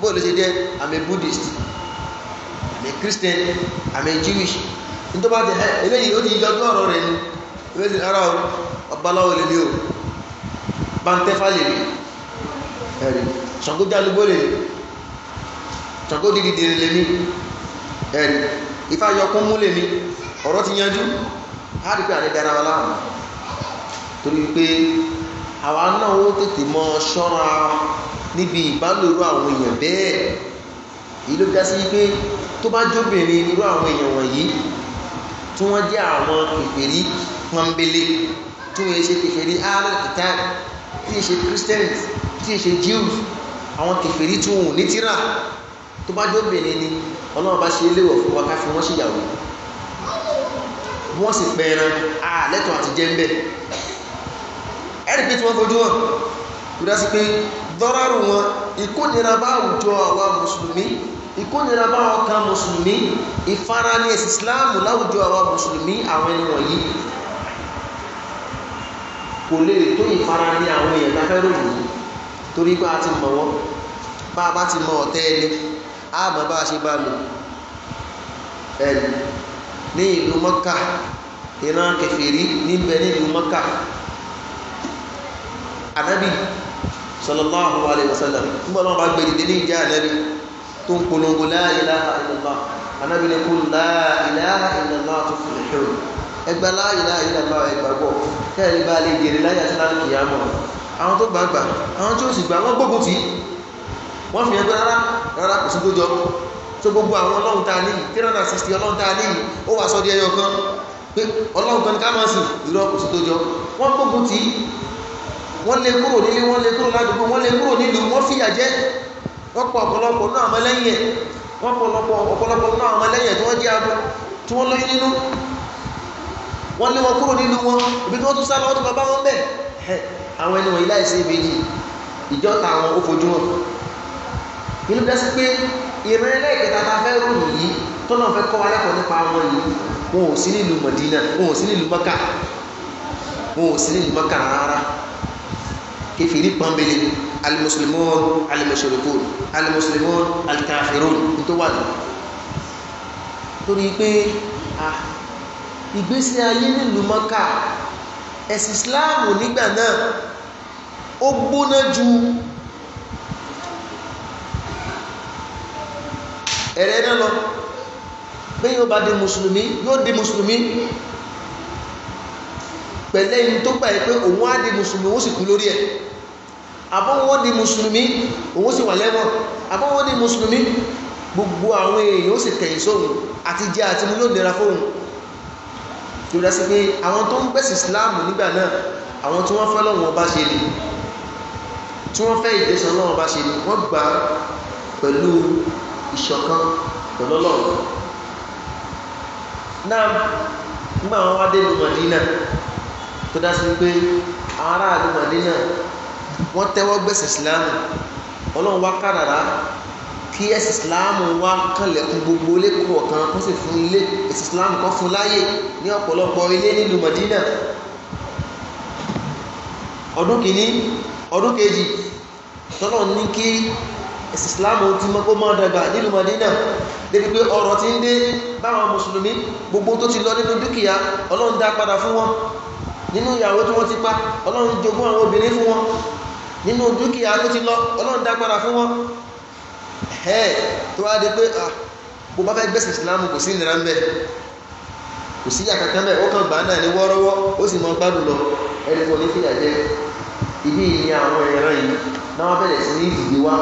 bóòlù ṣe jẹ́ i'm a buddhist àmì christian àmì jewish nítorí wọn ti hẹ eléyìí ó ti yọ ọdún ọ̀rọ̀ rẹ̀ ni eléyìí ara o ọbaláwo lè ní o bantẹ́fà lè ní ẹ̀rí ṣàngójá lúgbó lè ní ṣàngódìdì lè ní ẹ̀rí ìfàyọkún mú lè ní ọ̀rọ̀ ti yanjú láti pé àlẹ́ dára wa láàmú torí pé àwa náà ó tètè mọ ṣọ́ra níbi ìbálòrò àwọn èèyàn bẹ́ẹ̀ èyí ló já sí pé tó bá jóbìnrin irú àwọn èèyàn wọ̀nyí tí wọ́n jẹ́ àwọn kèfèrí pọ́nbélé tí wọ́n ṣe kèfèrí alẹ́kìtà tí ṣe christians tí ṣe jews àwọn kèfèrí tí wọ́n ní tírà tó bá jóbìnrin ni ọlọ́run bá ṣe léwọ̀ fún wa ká fi wọ́n ṣèyàwó wọ́n sì pẹ̀rẹ̀ àlẹ́tọ̀ àti jẹ́ńbẹ́ ẹ̀rí pé tí wọ́n fojú hàn kúrẹ́sí pé dọ́rọ́rù wọn ìkónira bá àwùjọ àwa mùsùlùmí ìkórìíra bá wọn kan mùsùlùmí ìfarani ẹ̀sìn islam láwùjọ àwọn mùsùlùmí àwọn ẹni wọ̀nyí kò lè tó ìfarani àwọn èèyàn tá a fẹ́ ròyìn torí pé a ti mọ̀ wọ́n bá a bá ti mọ ọ̀tẹ́ ẹni a mọ̀ bá a ṣe bá lò ẹni ní ìlú mọ́kà ìran kẹfìrí níbẹ̀ ní ìlú mọ́kà anabi sallallahu alayhi wa sallam nígbà náà bá gbèdìdì ní ìjà anabi tó ń polongo la ilaha illallah anábì ní kul la ilaha illallah tuflihun ẹgbà la ilaha illallah ẹgbàgbọ́ kẹ́rin bá lè jèrè láyé àti láti kìyàmọ̀ àwọn tó gbàgbà àwọn tí ó sì gbà wọ́n gbógun tì í wọ́n fi ẹgbẹ́ rárá rárá kò sí gbójọ tó gbogbo àwọn ọlọ́run tá a níyì three hundred and sixty ọlọ́run tá a níyì ó wà sọ di ẹyọ kan pé ọlọ́run kan ní ká máa sìn ìrọ̀ kò sí tó wọ́n gbógun tì í wọ́n lé kúrò nílé wọ́n lé kúrò ládùúgbò wọ́n lé kúrò nílùú wọ́n fìyà jẹ wọ́n pọ̀ ọ̀pọ̀lọpọ̀ náà ọmọ lẹ́yìn ẹ̀ wọ́n pọ̀ ọ̀pọ̀lọpọ̀ náà ọmọ lẹ́yìn ẹ̀ tí wọ́n jẹ́ abọ́ tí wọ́n lóyún nínú wọ́n lé wọn kúrò nínú wọn ibi tí wọ́n tún sálọ wọ́n tún bàbá wọn bẹ̀ àwọn ẹni wọ̀nyí láì ìbejì ìjọta àwọn ó inú dẹ́sí pé ìrìn ẹlẹ́ẹ̀kẹta ta fẹ́ alimusulmọ́n alimusulmọ́n alimusulmọ́n alikafirun tó wà ní torí pé ìgbésí ayé nílùú mọ́ká ẹ̀sìn islamu nígbà náà ó gbóná ju ẹ̀rẹ́ náà lọ bẹ́ẹ̀ yóò bá di mùsùlùmí yóò di mùsùlùmí pẹ̀lẹ́yìn tó gbà yìí pé òun á di mùsùlùmí ó sì kú lórí ẹ̀ àbọ́wọ́n di mùsùlùmí òun sì wà lẹ́wọ̀n àbọ́wọ́n di mùsùlùmí gbogbo àwọn èèyàn ó sì kẹ̀yìn sóhun àti jẹ́ àti mú yóò nira fóhun yóò dá sí pé àwọn tó ń gbẹ̀sì islam nígbà náà àwọn tí wọ́n fẹ́ lọ́wọ́n bá ṣe lè tí wọ́n fẹ́ ìdẹ́sàn lọ́wọ́n bá ṣe lè wọ́n gbà pẹ̀lú ìṣọ̀kan pẹ̀lú ọlọ́run náà nígbà wọn wá dé lu Mádínà tó dá sí pé àwọn aráàlú Mádínà wọ́n tẹ́wọ́ gbẹ̀sẹ̀ ìsìláàmù ọlọ́run wá kàràrà kí ẹ̀sìn ìsìláàmù wá kànlẹ̀kùn gbogbo lẹ́kọ̀ọ́ kan kó sì fún ilé ẹ̀sìn ìsìláàmù kan fún láyè ní ọ̀pọ̀lọpọ̀ ilé nílùú Mọ̀dínà ọdún kìíní ọdún kejì tọ́lọ̀ ní kí ẹ̀sìn ìsìláàmù ti mọ́ kó máa dàgbà nílùú Mọ̀dínà débi pé ọ̀rọ̀ ti ń dé báwọn mùsùlùmí gbogbo tó ti lọ nínú dúkìá ọlọ́run dá padà fún wọn nínú ìyàwó tí wọ́n ti pa ọlọ́run jogún àwọn obìnrin fún wọn nínú dúkìá ló ti lọ ọlọ́run dágbára fún wọn ẹ̀ tó wá di pé ah, bó bá fẹ́ gbẹ̀sìn ìsìlámù kò sí ìnira ń bẹ̀ kò sí àkàkà bẹ́ẹ̀ ó kàn gbà náà ní wọ́ọ́rọ́wọ́ ó sì mọ gbádùn lọ ẹni tó ní fìyà jẹ ibi ìyẹn àwọn ìran yìí náà wọ́n bẹ̀rẹ̀ sí ní ìdìde wá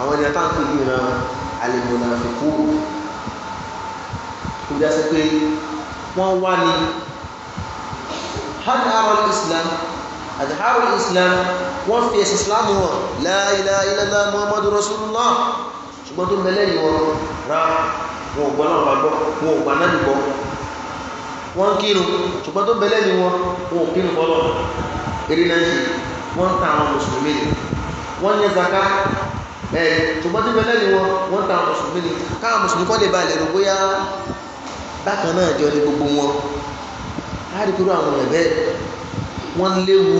àwọn ènìyàn táǹkì ní ìran àlèmọ̀nà àfikún kò jásí pé wọ́n wá ní hadhara islam hadhara islam wọ́n fi ẹ̀sìn islam wọn la ilaha illallah muhammadu rasulullah ṣùgbọ́n tó mẹ́lẹ́ yìí wọ́n ra wọn ò gbọ́ náà gbàgbọ́ wọn ò gbà náà nìbọ́ wọ́n ń kírun ṣùgbọ́n tó mẹ́lẹ́ yìí wọ́n wọn ò kírun bọ́lọ̀ eré náà yìí wọ́n ta àwọn mùsùlùmí ni wọ́n ń yẹ zaka ẹ̀ ṣùgbọ́n tó mẹ́lẹ́ yìí wọ́n wọ́n ń ta àwọn mùsùlùmí ni káwọn mùsùlùmí kọ́ lè ba ìlẹ̀ rògbóyá bákan náà jọ ní gbogbo wọn láàrín kúrò àwọn ẹ̀bẹ́ wọ́n léwu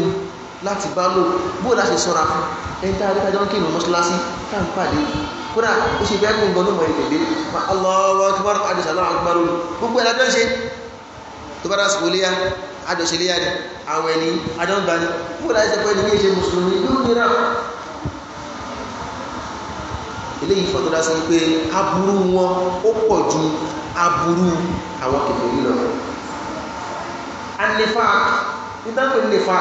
láti bá lò bó láti sọ́ra fún ẹni tá a rí kájọ́ ń kírun mọ́ṣáláṣí tá ń pàdé kódà ó ṣe bẹ́ẹ̀ kó ń gbọ́n mọ̀ ìtẹ̀lé ma Allahu akbar àdìsá aláwọ̀ akbar olù gbogbo ẹ̀ lájọ́ ṣe tó bá dásìkò léyà àjọṣe léyà ni àwọn ẹni adọ́gba ni bó láti sọ pé ẹni yéé ṣe mùsùlùmí ló ń yẹra eléyìí fọ́ tó dá sí pé aburú wọn ó pọ̀ ju aburú àwọn kèfèrí lọ anifak nítorí pé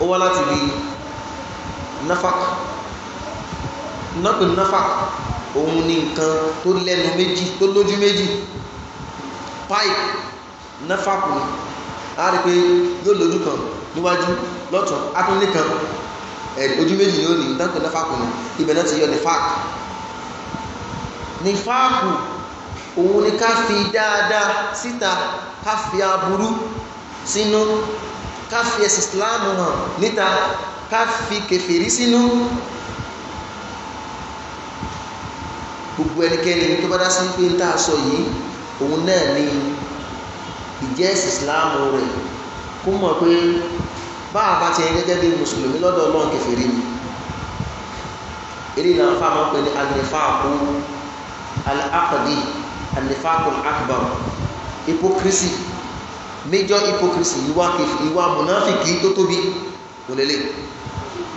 ó wá láti bí nafak nọ́pẹ̀ nafak òun ni nǹkan tó lẹ́nu méjì tó lójú méjì pipe nafak ni a rí pé yóò lójú kan níwájú lọ́tún atúndé kan ojú méjì yóò ní nọ́pẹ̀ nafak ni ibẹ̀ náà ti yọ nifak nifak òun ni ká fi dáadáa síta ká fi aburú sínú. Si ká fi ẹ̀sìn islam hàn níta ká fi kèfèrí sínú gbogbo ẹnikẹ́ni tó bá dá sí pé ń tà sọ yìí òun náà ni ìjẹ́ ẹ̀sìn islam rẹ̀ kó mọ̀ pé bá a bá ti yẹn gẹ́gẹ́ bí mùsùlùmí lọ́dọ̀ ọlọ́run kèfèrí ni eléyìí náà fáwọn pè ní al-nifaqu al-aqdi al-nifaqu al-akbar hypocrisy major hypocrisy ìwà ìwà mùnáfìkì tó tóbi kò lélẹ̀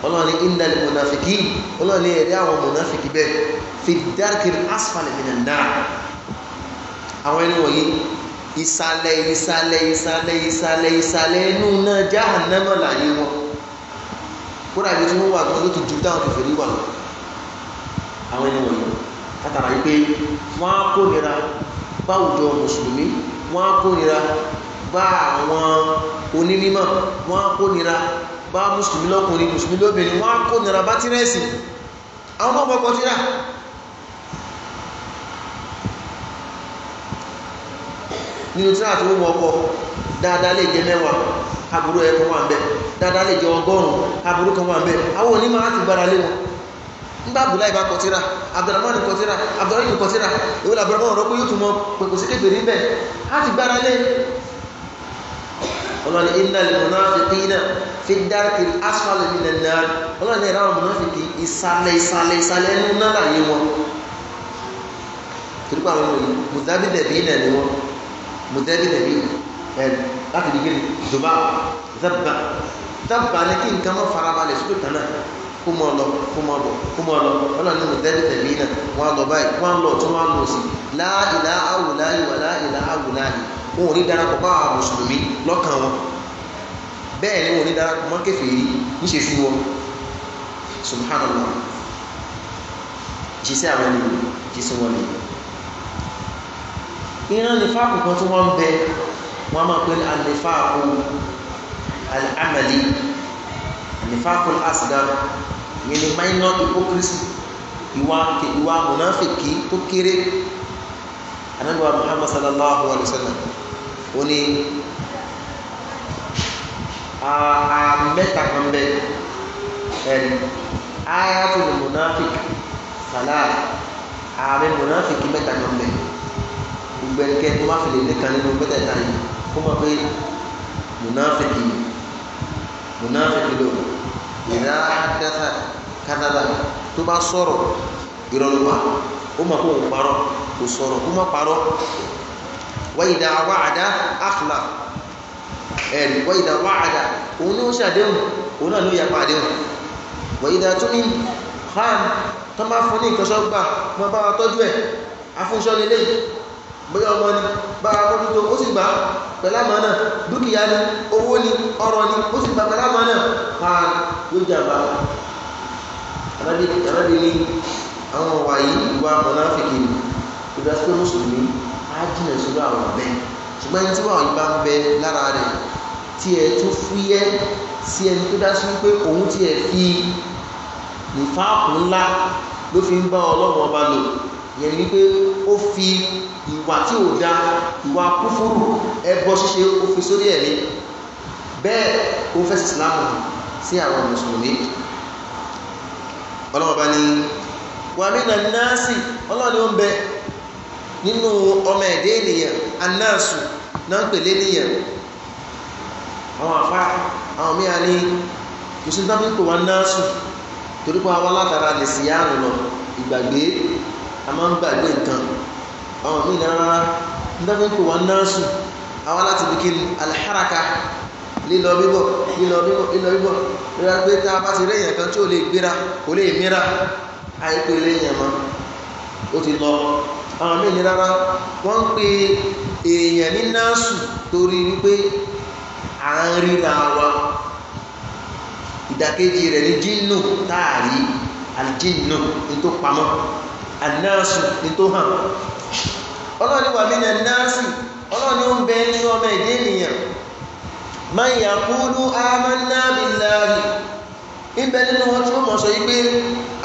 ọlọ́run ní indal mùnáfìkì ọlọ́run ní ẹ̀rí àwọn mùnáfìkì bẹ́ẹ̀ fi darkil asfali minan nar àwọn ẹni wọ̀nyí ìsàlẹ̀ ìsàlẹ̀ ìsàlẹ̀ ìsàlẹ̀ ìsàlẹ̀ inú náà jahannama láyé wọn kódà ibi tí wọ́n wà tó ti ju táwọn kẹfẹ́ rí wà àwọn ẹni wọ̀nyí látara yìí pé wọ́n á kó nira báwùjọ mùsùlùmí wọ́n á kó nira bá àwọn onímọ̀ wọ́n á kó nira bá mùsùlùmí lọ́kùnrin mùsùlùmí lóbìnrin wọ́n á kó nira bá tírẹ́sì àwọn ọmọ ọkọ̀ tíra nínú tíra tó mọ ọkọ̀ dáadáa lè jẹ mẹ́wàá aburú ẹ̀kọ́ wà ń bẹ dáadáa lè jẹ ọgọ́rùn-ún aburú kan wà ń bẹ àwọn onímọ̀ láti gbára lé wọn nígbà abdullahi bá kọtíra abdulrahman kọtíra abdulrahman kọtíra ìwé abdulrahman rọ pé yóò tún mọ pẹ̀kọ̀ sí kékeré bẹ́ẹ̀ láti gbára lé ọlọ́ni innal munafiqina fi darkil asfali minan nar ọlọ́ni ẹ̀rọ àwọn munafiki ìsàlẹ̀ ìsàlẹ̀ ìsàlẹ̀ ẹnu náà yé wọn torípa àwọn ọmọ yìí mùtàbí dẹ̀bí náà ni wọn mùtàbí dẹ̀bí ẹ̀ láti di gírí dùbà dábà dábà ni kí nǹkan máa farabalẹ̀ sókè tán náà kó mọ lọ kó mọ bọ kó mọ lọ ọlọ́ni mùtàbí dẹ̀bí náà wọn lọ báyìí wọn lọ tún wọn lọ sí láìláàwù láì wà láìláàwù láì wọn ò ní darapọ̀ bá àwọn mùsùlùmí lọ́kàn wọn bẹ́ẹ̀ ni wọn ò ní darapọ̀ mọ́ kèfèrí níṣe fi wọn subhanallah ìṣiṣẹ́ àwọn ènìyàn ìṣiṣẹ́ wọn nìyẹn ìran nífàkù kan tí wọ́n ń bẹ wọ́n máa pè ní ànífàkù al-amali ànífàkù al-asghar ni minor hypocrisy ìwà ìwà mùnáfìkì tó kéré anábìwá muhammad sallallahu alayhi wa sallam ó ní a mẹ́ta kan bẹ ẹni ayatu ni monafik salat ààrẹ monafik mẹ́ta kan bẹ gbogbo ẹnikẹ́ tó má fi lè nìkan nínú mẹ́tẹ̀ẹ̀ta yìí kó mọ̀ pé monafik yìí monafik lò ìdá àdásà kádàdà tó bá sọ̀rọ̀ ìrọ̀lùwà ó mọ̀ kó ń parọ́ kó sọ̀rọ̀ kó má parọ́ wáyìdá wáàdá akhlaf ẹ̀rí wáyìdá wáàdá òun ni ó ṣàdéhùn òun náà ló yà pa àdéhùn wáyìdá tó ní hàn tó máa fún ní nǹkan sọ́gbà mọ bá wa tọ́jú ẹ̀ afúnṣọ́ lélẹ̀ bóyá ọmọ ni bá wa tọ́jú tó ó sì gbà pẹ̀lá mọ́ náà dúkìá ni owó ni ọrọ̀ ni ó sì gbà pẹ̀lá mọ́ náà hàn yóò jàmbá arábìnrin àwọn ọ̀wà ìwà mọ̀náfíkì ìgbà tó mùsùlùmí á jìnà sórí àwọn ọ̀bẹ ṣùgbọ́n ẹni tí wọ́n yìí bá ń bẹ lára rẹ̀ tí ẹ tún fúyẹ́ sí ẹni tó dá sí wípé òun tí ẹ fi nìfáàpù ńlá ló fi ń bá ọlọ́run ọba lò ìyẹn ni wípé ó fi ìwà tí ò da ìwà kúfúrú ẹbọ ṣíṣe ó fi sórí ẹ̀mí bẹ́ẹ̀ ó fẹ́ sísìlámù sí àwọn mùsùlùmí ọlọ́run ọba ni wàmí nà náà sì ọlọ́run ni ó ń bẹ nínú ọmọ ẹ̀dẹ́ ènìyàn anáàsù náà pèlé nìyàn àwọn afá àwọn míì àní kò sí dábí pé wọn náàsù torí pé látara lè sì lọ ìgbàgbé a máa ń gbàgbé nǹkan àwọn míì náà rárá dábí pé wọn náàsù àwọn láti bí kí alḥaraka lílọ bíbọ̀ lílọ bíbọ̀ lílọ tá a bá ti kan tí ò lè àwọn míì ní rárá wọ́n ń pe èèyàn ní násù torí wípé à ń ríra wa ìdàkejì rẹ̀ ní jínù táàrí àjínù ní tó pamọ́ ànásù ní tó hàn ọlọ́ọ̀ni wà nínú násì ọlọ́ọ̀ni ó ń bẹ nínú ọmọ ìdí ènìyàn máa yà kúlú amanna ń bẹ nínú wọn tí ó mọ̀ sọ yí pé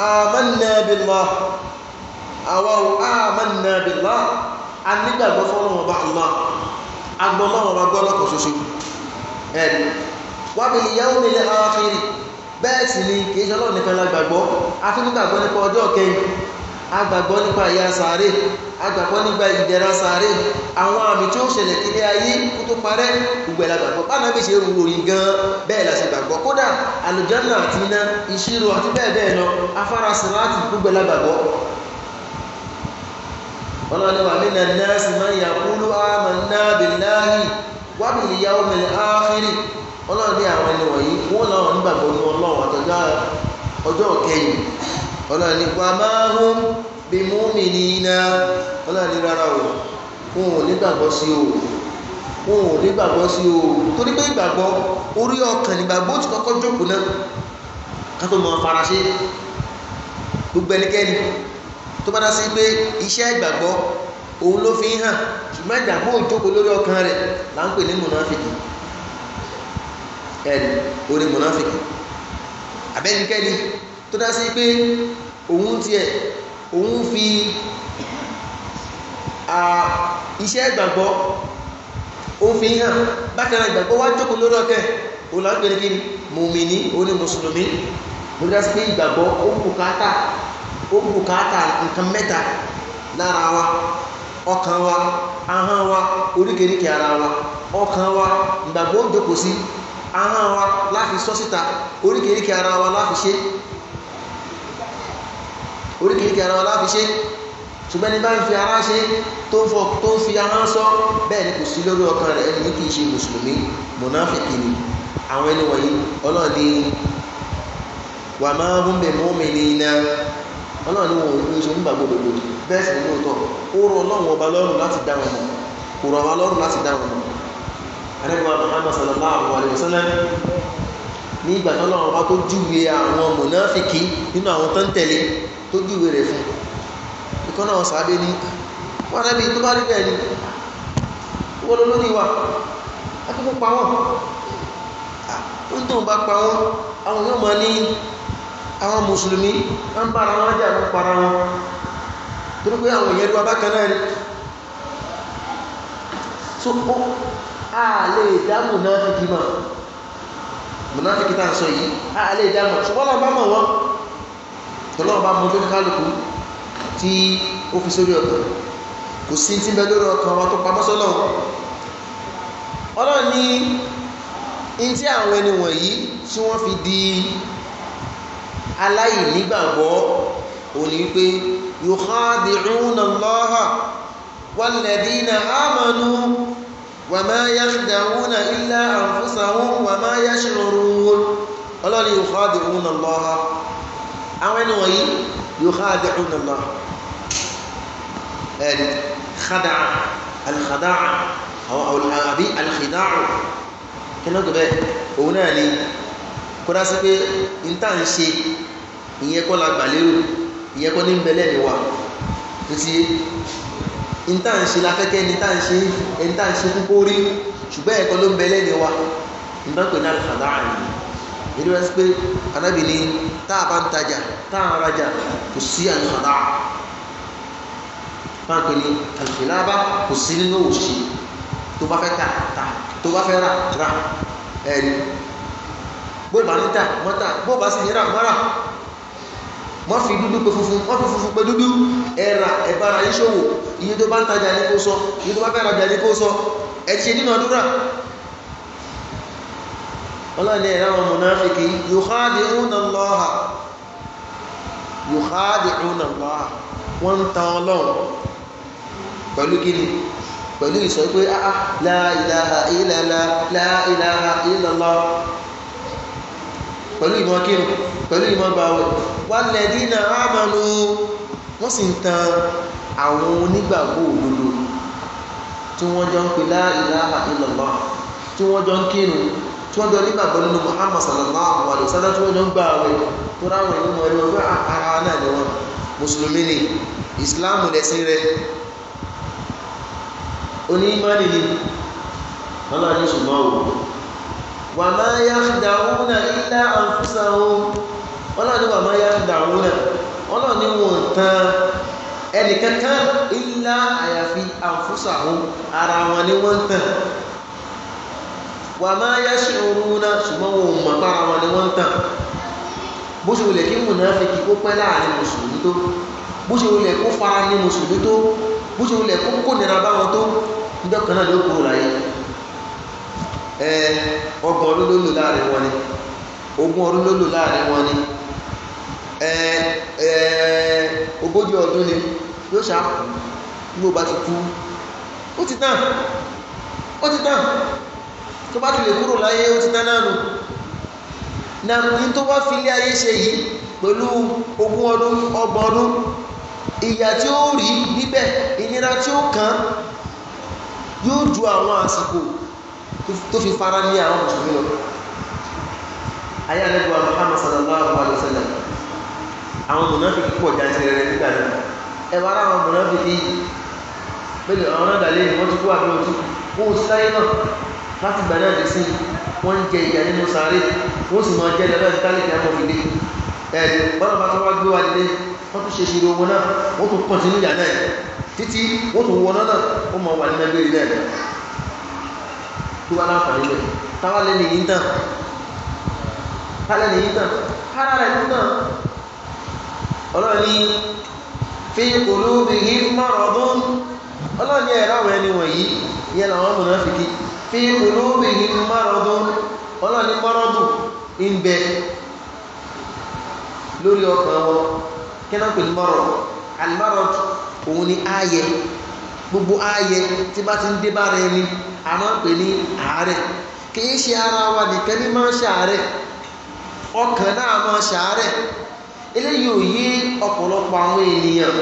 amanna àwa ò amanna billah anígbàgbọ́ fọ́lọ́wọ́n bá Allah agbọ́lọ́wọ́n bá gbọ́lọ́ kan ṣoṣo ẹ̀rí wa bil yawmil akhir bẹ́ẹ̀ sì ni kìí ṣe ọlọ́run nìkan lágbàgbọ́ atúndàgbọ́ nípa ọjọ́ kẹyìn agbàgbọ́ nípa ìyà sàárè agbàgbọ́ nípa ìdẹ̀ra sàárè àwọn àmì tí ó ṣẹlẹ̀ kí ilé ayé kú tó parẹ́ gbogbo ìlàgbàgbọ́ bá náà bí ṣe ròyìn gan bẹ́ẹ̀ la ṣe gbàgbọ́ kódà àlùjànnà àti iná ìṣirò àti bẹ́ẹ̀ bẹ́ẹ̀ lọ afárasìn láti ọlọ́ni wà mí nà nẹ́ẹ̀sì máa ń yà kúlú àmàna billahi wà mí ìyá omi áfírì ọlọ́ni àwọn ẹni wọ̀nyí wọ́n làwọn nígbàgbọ́ ní ọlọ́run àtọ́jọ́ ọjọ́ kẹyìn ọlọ́ni wà máa hún bí múmi ní iná ọlọ́ni rárá o wọn ò nígbàgbọ́ sí o wọn ò nígbàgbọ́ sí o torí pé ìgbàgbọ́ orí ọkàn nígbàgbọ́ ti kọ́kọ́ jókòó náà ká mọ tó bá dá sí pé iṣẹ́ ìgbàgbọ́ òun ló fi ń hàn ṣùgbọ́n ìdààmú ìjókòó lórí ọkàn rẹ̀ là ń pè ní mùnàfìkì ẹ̀rì orí mùnàfìkì abẹ́nikẹ́ni tó dá sí pé òun tiẹ̀ òun fi iṣẹ́ ìgbàgbọ́ òun fi ń hàn bákan náà ìgbàgbọ́ wá jókòó lórí ọkàn òun là ń pè ní kí mùmìnì orí mùsùlùmí mo dá sí pé ìgbàgbọ́ ó kù káàtà ó bùkátà nǹkan nke lára wa ọkàn ọkawa ahọ́n wa oríkèríkè ara wa ọkàn wa ìgbàgbọ́ ń jókòó sí ahọ́n wa ara wa láfi ṣe oríkèríkè ara ṣùgbọ́n ní fi ara ṣe tó ń fọ tó ń fi sọ bẹ́ẹ̀ ni kò sí lórí ọkàn rẹ̀ ẹni ọlọ́run ni wọn ò ní ṣe onígbàgbọ́ òdodo bẹ́ẹ̀ sì ni lóòótọ́ ó rọ ọlọ́run ọba lọ́rùn láti dá wọn mọ̀ kò rọ ọba lọ́rùn láti dá wọn mọ̀ adébọ̀wá Muhammad sallallahu alayhi wa sallam ní ìgbà tó lọ́run ọba tó júwe àwọn mọ̀nàfìkì nínú àwọn tó ń tẹ̀lé tó júwe rẹ̀ fún ikọ́ náà sáré ní wọn rẹ́bi tó bá rí bẹ́ẹ̀ ni wọ́n lọ lórí wa akókó pa wọ́n tó ń bá pa àwọn yóò máa ní àwọn mùsùlùmí ń bára wọn jà ń para wọn torí pé àwọn èèyàn wá bákan náà rí so ó a lè dá mùnáfíkì mọ̀ mùnáfíkì tá à ń sọ yìí a lè dá mọ̀ ṣùgbọ́n lọ́wọ́ bá mọ̀ wọ́n tọ́lọ́wọ́ bá mọ̀ lórí kálukú tí ó fi sórí ọ̀tọ̀ kò sí tí bẹ lórí ọkàn wa tó pamọ́ sọ́lọ́ ọlọ́run ní ní tí àwọn ẹni wọ̀nyí tí wọ́n fi di aláìnígbàgbọ́ òní wípé yukhadi'una Allaha walladhina amanu wa ma yakhda'una illa anfusahum wa ma yash'urun ọlọ́ni yukhadi'una Allaha àwọn ẹni wọ̀nyí yukhadi'una Allaha ẹ̀rí khada'a alkhada'a àbí alkhida'u kí ló gbẹ òun náà ni kó dá sí pé n tá ń ṣe ìyẹn kọ́ la gbà lérò ìyẹn kọ́ ní bẹ́lẹ̀ ni wà tó ti ní tá à ń ṣe láfẹ́kẹ́ ní tá à ń rí ṣùgbọ́n ẹ̀kọ́ ló ń ni wà nígbà pé náà fàdá àyè èdè wá sí pé anábì ní tá a bá ń tajà tá a rajà kò sí àlùfàdá tá a pè ní àlùfìlábà kò sí nínú òṣì tó bá fẹ́ tà tà tó bá fẹ́ rà rà ẹ̀rí bó bá ń tà mọ́tà bó bá sì ń rà mọ́ra wọ́n fi dúdú pé funfun wọ́n fi funfun pé dúdú ẹ̀rà ẹ̀bára ìṣòwò iye tó bá ń tajà ní kó sọ iye tó bá fẹ́ rajà ní kó sọ ẹ̀ ti ṣe dínàdúrà ọlọ́ni ẹ̀rọ àwọn mọ̀náfíkì yukhadi'una Allaha yukhadi'una Allaha wọ́n ń tan ọlọ́run pẹ̀lú gíní pẹ̀lú ìsọ pé ah, ah, la ilaha illallah la pẹ̀lú ìmọ̀ kírun pẹ̀lú ìmọ̀ gbàwẹ̀ walladina amanu wọ́n sì ń tan àwọn onígbàgbọ́ òdodo tí wọ́n jọ ń pè la ilaha illallah tí wọ́n jọ ń kírun tí wọ́n jọ nígbàgbọ́ nínú Muhammad sallallahu alaihi wasallam tí wọ́n jọ ń gbàwẹ̀ tó ráwọn ìlú mọ̀ ẹ̀rọ fún ah, ara náà ni wọn mùsùlùmí wà máa yá dàrúnà ilá àǹfúsà ohun ọlọ́ni wà máa yá dàrúnà ọlọ́ni wọn tán ẹnìkankan ilá àyàfi àǹfúsà ohun ara wọn ni wọ́n tán wà máa yá ṣòrúnà ṣùgbọ́n wọn mọ̀ para wọn ni wọ́n tán bó ṣe wulẹ̀ kí mùnáfíkì kó pẹ́ láàrin mùsùlùmí tó bó ṣe wulẹ̀ kó fara ní mùsùlùmí tó bó ṣe wulẹ̀ kó kó nira báwọn tó ń dọ́kan náà ló kúrò láyé ẹ ọdún ló lò láàrin wọn ni ogún ọdún ló lò láàrin wọn ni ogójì ọdún ni yóò ní o bá ti kú ó ti tán ó tó bá ti láyé ó náà na ní tó bá fi ilé ayé ṣe yìí pẹ̀lú ogún ọdún ọgbọ̀n ọdún ìyà ju àwọn àsìkò tó fi fara lé àwọn mùsùlùmí lọ ayé àlẹ́gbọ́ Muhammad sallallahu alayhi wa sallam àwọn mùnàfíkì pọ̀ jàǹtìrẹrẹ nígbà náà ẹ wá ara àwọn mùnàfíkì pẹ̀lú àwọn náà dàlẹ́ ìwọ́n ti kú àbí wọ́n ti kú ó sáyé náà láti gbà náà dé sí wọ́n ń jẹ ìyà nínú sáré wọ́n sì máa jẹ́ lẹ́lẹ́ ìtàlẹ̀ ìyá mọ̀fìdé ẹ̀ẹ́dì bọ́lá bá tó wá gbé wa dé wọ́n tún ṣe ṣírò owó náà wọ́n tún kọ̀tínú ìyà náà títí wọ́n tún wọ́n náà ó máa wà nínú ẹgbẹ́ ilé ẹ̀dá tó bá láǹfààní lẹ̀ táwa lẹ́nu yìí ń tàn kálẹ̀ yìí tàn kára rẹ̀ tó tàn ọlọ́run ní fi qulubihim maradun ọlọ́run ní ẹ̀rọ àwọn ẹni wọ̀nyí yẹn làwọn munafiki fi qulubihim maradun ọlọ́run ní maradun ń bẹ lórí ọkàn wọn kí náà pè ní òun ni ààyè gbogbo ààyè tí bá ti ń dé bára ẹni a máa ń pè ní àárẹ̀ kìí ṣe ara wa nìkan ní máa ń ṣàárẹ̀ ọkàn náà máa ṣàárẹ̀ eléyìí ò yé ọ̀pọ̀lọpọ̀ àwọn ènìyàn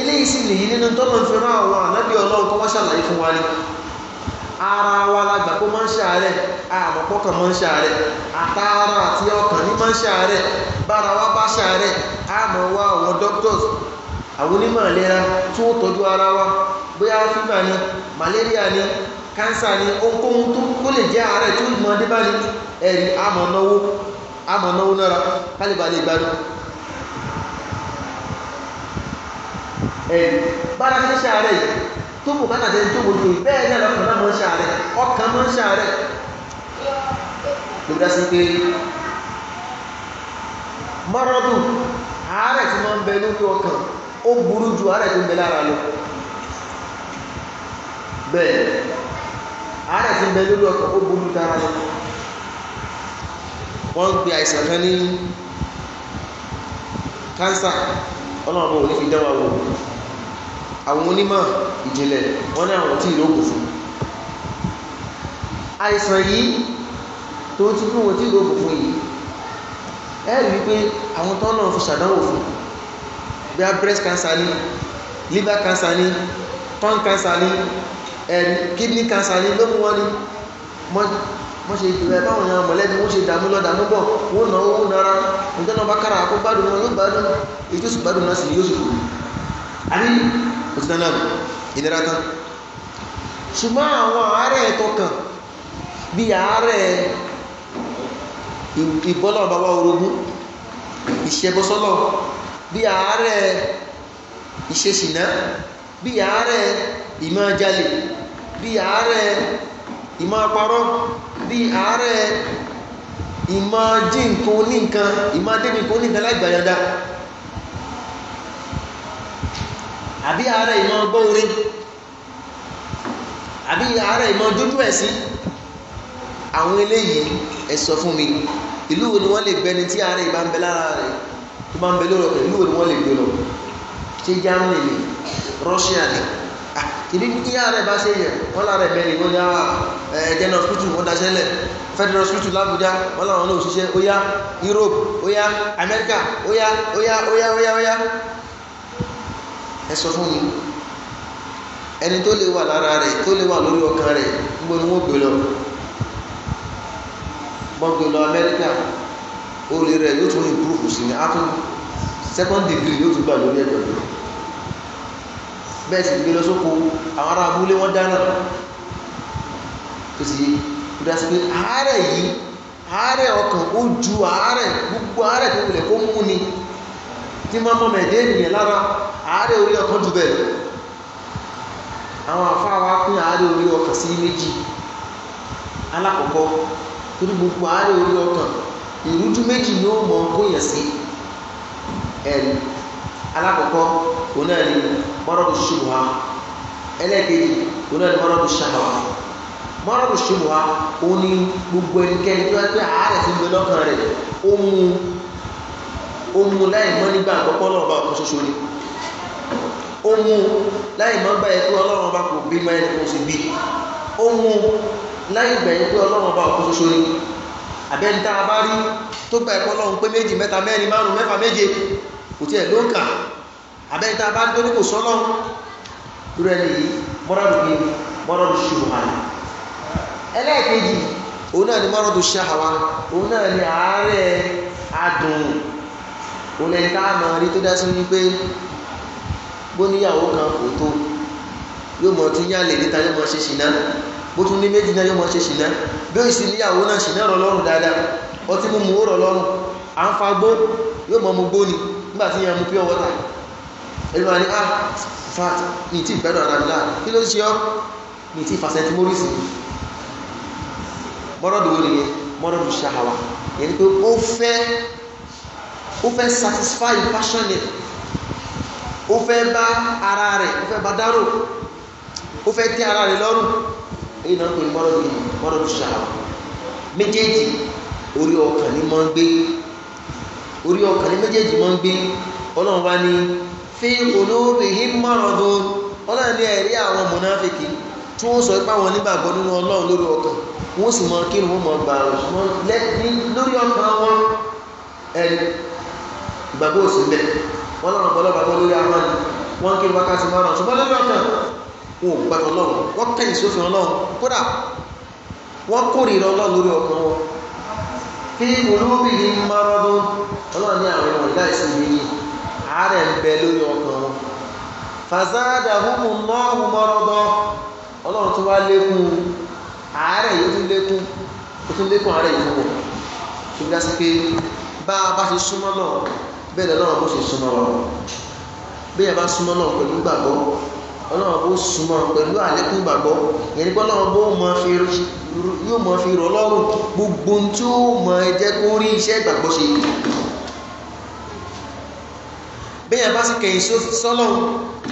eléyìí sì nìyí nínú tọ́lọ̀ fi rán àwọn ànábì ọlọ́run kọ́ wọ́n ṣàlàyé fún wa ni ara wa la gbà pé máa ń ṣàárẹ̀ àmọ́pọ̀ kan máa ń ṣàárẹ̀ àtàrà àti ọkàn ní máa ń ṣàárẹ̀ bára wa bá ṣàárẹ̀ àmọ́ wa àwọn doctors àwọn onímọ̀ ìlera tí ó tọ́jú ara wa bóyá fíbà ni malaria ni kánsà ni ohunkóhun tó kó lè jẹ́ àárẹ̀ tí ó mọ dé bá ní ẹ̀rí amọ̀náwó amọ̀náwó nára kálíbà lè gbádùn ẹ̀rí bára ní sàárẹ̀ yìí tó mú bá nàdé tó mojú bẹ́ẹ̀ ní ọkàn náà mọ́ sàárẹ̀ ọkàn mọ́ sàárẹ̀ ló dá sí pé ọkàn ó burú ju ara tó ń bẹ́ẹ̀ lórí ó burú lọ wọ́n ń pe àìsàn kan ní kánsà ọlọ́run fi dá wa wò àwọn onímọ̀ ìjìnlẹ̀ wọ́n ní àwọn tí ìlókùn fún àìsàn yìí tó ti fún wọn tí ìlókùn fún yìí ẹ rí i bí a breast cancer ni liver cancer ni tongue cancer ni ẹ̀rí eh, kidney cancer ni ló mú wọn ni wọ́n ṣe ìgbìmọ̀ ẹ̀bá àwọn mọ̀lẹ́bí wọ́n ṣe dààmú lọ dààmú bọ̀ wọ́n náà owó nara ǹjẹ́ náà bá kára àkó gbádùn wọn yóò gbádùn èyí tó sì gbádùn náà sì yóò sì kú àbí òtítọ́ náà ìnira tán ṣùgbọ́n àwọn àárẹ̀ tọkàn bí àárẹ̀ ìbọ́lọ̀ bàbá orogún ìṣẹ́bọ́sọ́lọ̀ bí àárẹ̀ ìṣesìná bí àárẹ̀ ìmọ̀jalè bí àárẹ̀ ìmọ̀parọ́ bí àárẹ̀ ìmọ̀jíǹkan oníǹkan ìmọ̀débìnkan oníǹkan láìgbàyànda àbí àárẹ̀ ìmọ̀ gbọ́ orin àbí àárẹ̀ ìmọ̀ dúdú ẹ̀ sí àwọn eléyìí ẹ sọ fún mi ìlú wo ni wọ́n lè bẹni tí àárẹ̀ ìbá ń bẹ lára rẹ̀ tó máa ń bẹ lọ́rọ̀ pẹ̀lú òní wọ́n lè gbé lọ ṣé germany ni russia ni ìdí ìyá rẹ̀ bá ṣe yẹ wọ́n lára ẹ̀mẹ́ ni wọ́n yá ẹ̀jẹ̀ náà hospital wọ́n daṣẹ́ lẹ̀ federal hospital làbújá wọ́n làwọn náà òṣìṣẹ́ ó yá europe ó yá america ó yá ó yá ó yá ó yá ó yá ẹ sọ fún mi ẹni tó lè wà lára rẹ̀ tó lè wà lórí ọkàn rẹ̀ níbo ni wọ́n gbé lọ wọ́n gbé lọ america orire rẹ̀ yóò tún improve sí ni a second degree yóò tún gbà lórí ẹ̀jọ̀ lọ bẹ́ẹ̀ sì gbé lọ àwọn ará abúlé wọn dáná tó sì yé kó sí pé yìí ọkàn ó ju gbogbo àárẹ̀ tó wulẹ̀ kó mú ni tí máa mọ̀ mẹ́ẹ̀dé ènìyàn lára àárẹ̀ orí ọkàn jù bẹ́ẹ̀ àwọn wa pín orí ìrújú méjì ni ó mọ kó yẹ sí ẹ̀rí alákọ̀ọ́kọ́ òun náà ni mọ́rọ́dù ṣubùhá ẹlẹ́gbẹ̀ẹ́jì òun náà ni mọ́rọ́dù ṣàbàwá mọ́rọ́dù ṣubùhá òun ni gbogbo ẹnikẹ́ni tó wáá pé àárẹ̀ ti ń bẹ lọ́kàn rẹ̀ ó mú ó mú láì mọ́ nígbà àkọ́kọ́ lọ́wọ́ bá ọkọ̀ ṣoṣo ni ó mú láì mọ́ gbà yẹ pé ọlọ́run ọba kò bí máa ẹni kò sì bí ó láì gbà pé ọlọ́run ọba ọkọ̀ ṣoṣo ni àbẹ́ni tá a bá rí tó gba ẹ̀kọ́ lọ́hùn pé méjì mẹ́ta mẹ́rin márùn mẹ́fà méje kò tiẹ̀ ló ń kà àbẹ́ni tá a bá rí tó ní kò sọ́ lọ́hùn lórí ẹni yìí mọ́rọ́dù kí mọ́rọ́dù ṣùgbọ́n mọ̀ rí tó dá níta yóò mọ̀ ṣe ṣìnà bó tún ní méjì náà yóò mọ̀ ṣe ṣìnà bí ó sì níyàwó náà ṣìnà rọ̀ lọ́rùn dáadáa ọtí mú mu ó rọ̀ lọ́rùn à ń fa gbó yóò mọ̀ mu gbó ni nígbà tí yẹn mu pure water ẹni wà ní ah fat ní tí ìgbẹ́dọ̀ ara mi láàrin kí ló ṣe ọ́ ní tí ìfàsẹ̀tì mórìsì mọ́rọ̀dù wo nìyẹn mọ́rọ̀dù ṣàhàwà yẹn ni pé ó fẹ́ ó fẹ́ satisfy passion yẹn ó fẹ́ bá ara rẹ̀ ó fẹ́ bá dárò ó fẹ́ tẹ́ ara rẹ̀ lọ́rùn èyí náà ń pè ní mọ́rọ̀ bíi mọ́rọ̀ bíi ṣàwọ̀ méjèèjì orí ọkàn ni máa gbé orí ọkàn ni méjèèjì máa gbé ọlọ́run wá ní fi qulubihim maradun ọlọ́run ní ẹ̀rí àwọn mùnáfíkì tí wọ́n sọ pé àwọn onígbàgbọ́ nínú ọlọ́run lórí ọkàn wọ́n sì mọ kí wọ́n mọ gbà lórí ọkàn wọn ẹni ìgbàgbọ́ òsì bẹ́ẹ̀ wọ́n lọ́rùn pọ̀lọ́pàá lórí àwọn wọn kí ni wákàtí márùn ṣùgbọ́n lórí ọkàn wọn ò gbàgbọ́ ọlọ́run wọ́n kẹ́yìn sófin ọlọ́run kódà wọ́n kórìíra ọlọ́run lórí ọkàn wọn bí olóbìnrin márọ́dún ọlọ́run ní àwọn ọ̀gá ìsinmi yìí àárẹ̀ ń bẹ lórí ọkàn wọn fàzádà hùmù náà márọ́dọ́ ọlọ́run tó wá lékún àárẹ̀ yóò tún lékún ó tún lékún àárẹ̀ yìí fún wọn tó bí pé bá a bá ṣe súnmọ́ náà bẹ́ẹ̀ lọ́run bó ṣe súnmọ́ wọn bí ẹ bá súnmọ́ náà pẹ̀lú gbàgbọ́ ọlọ́run bó súnmọ́ pẹ̀lú àlékún ìgbàgbọ́ ìyẹn pé ọlọ́run bó yóò mọ fi rọ lọ́rùn gbogbo tí ó mọ jẹ́ kó rí iṣẹ́ ìgbàgbọ́ ṣe bẹ́yàn bá sì kẹ̀yìn sọ́lọ́run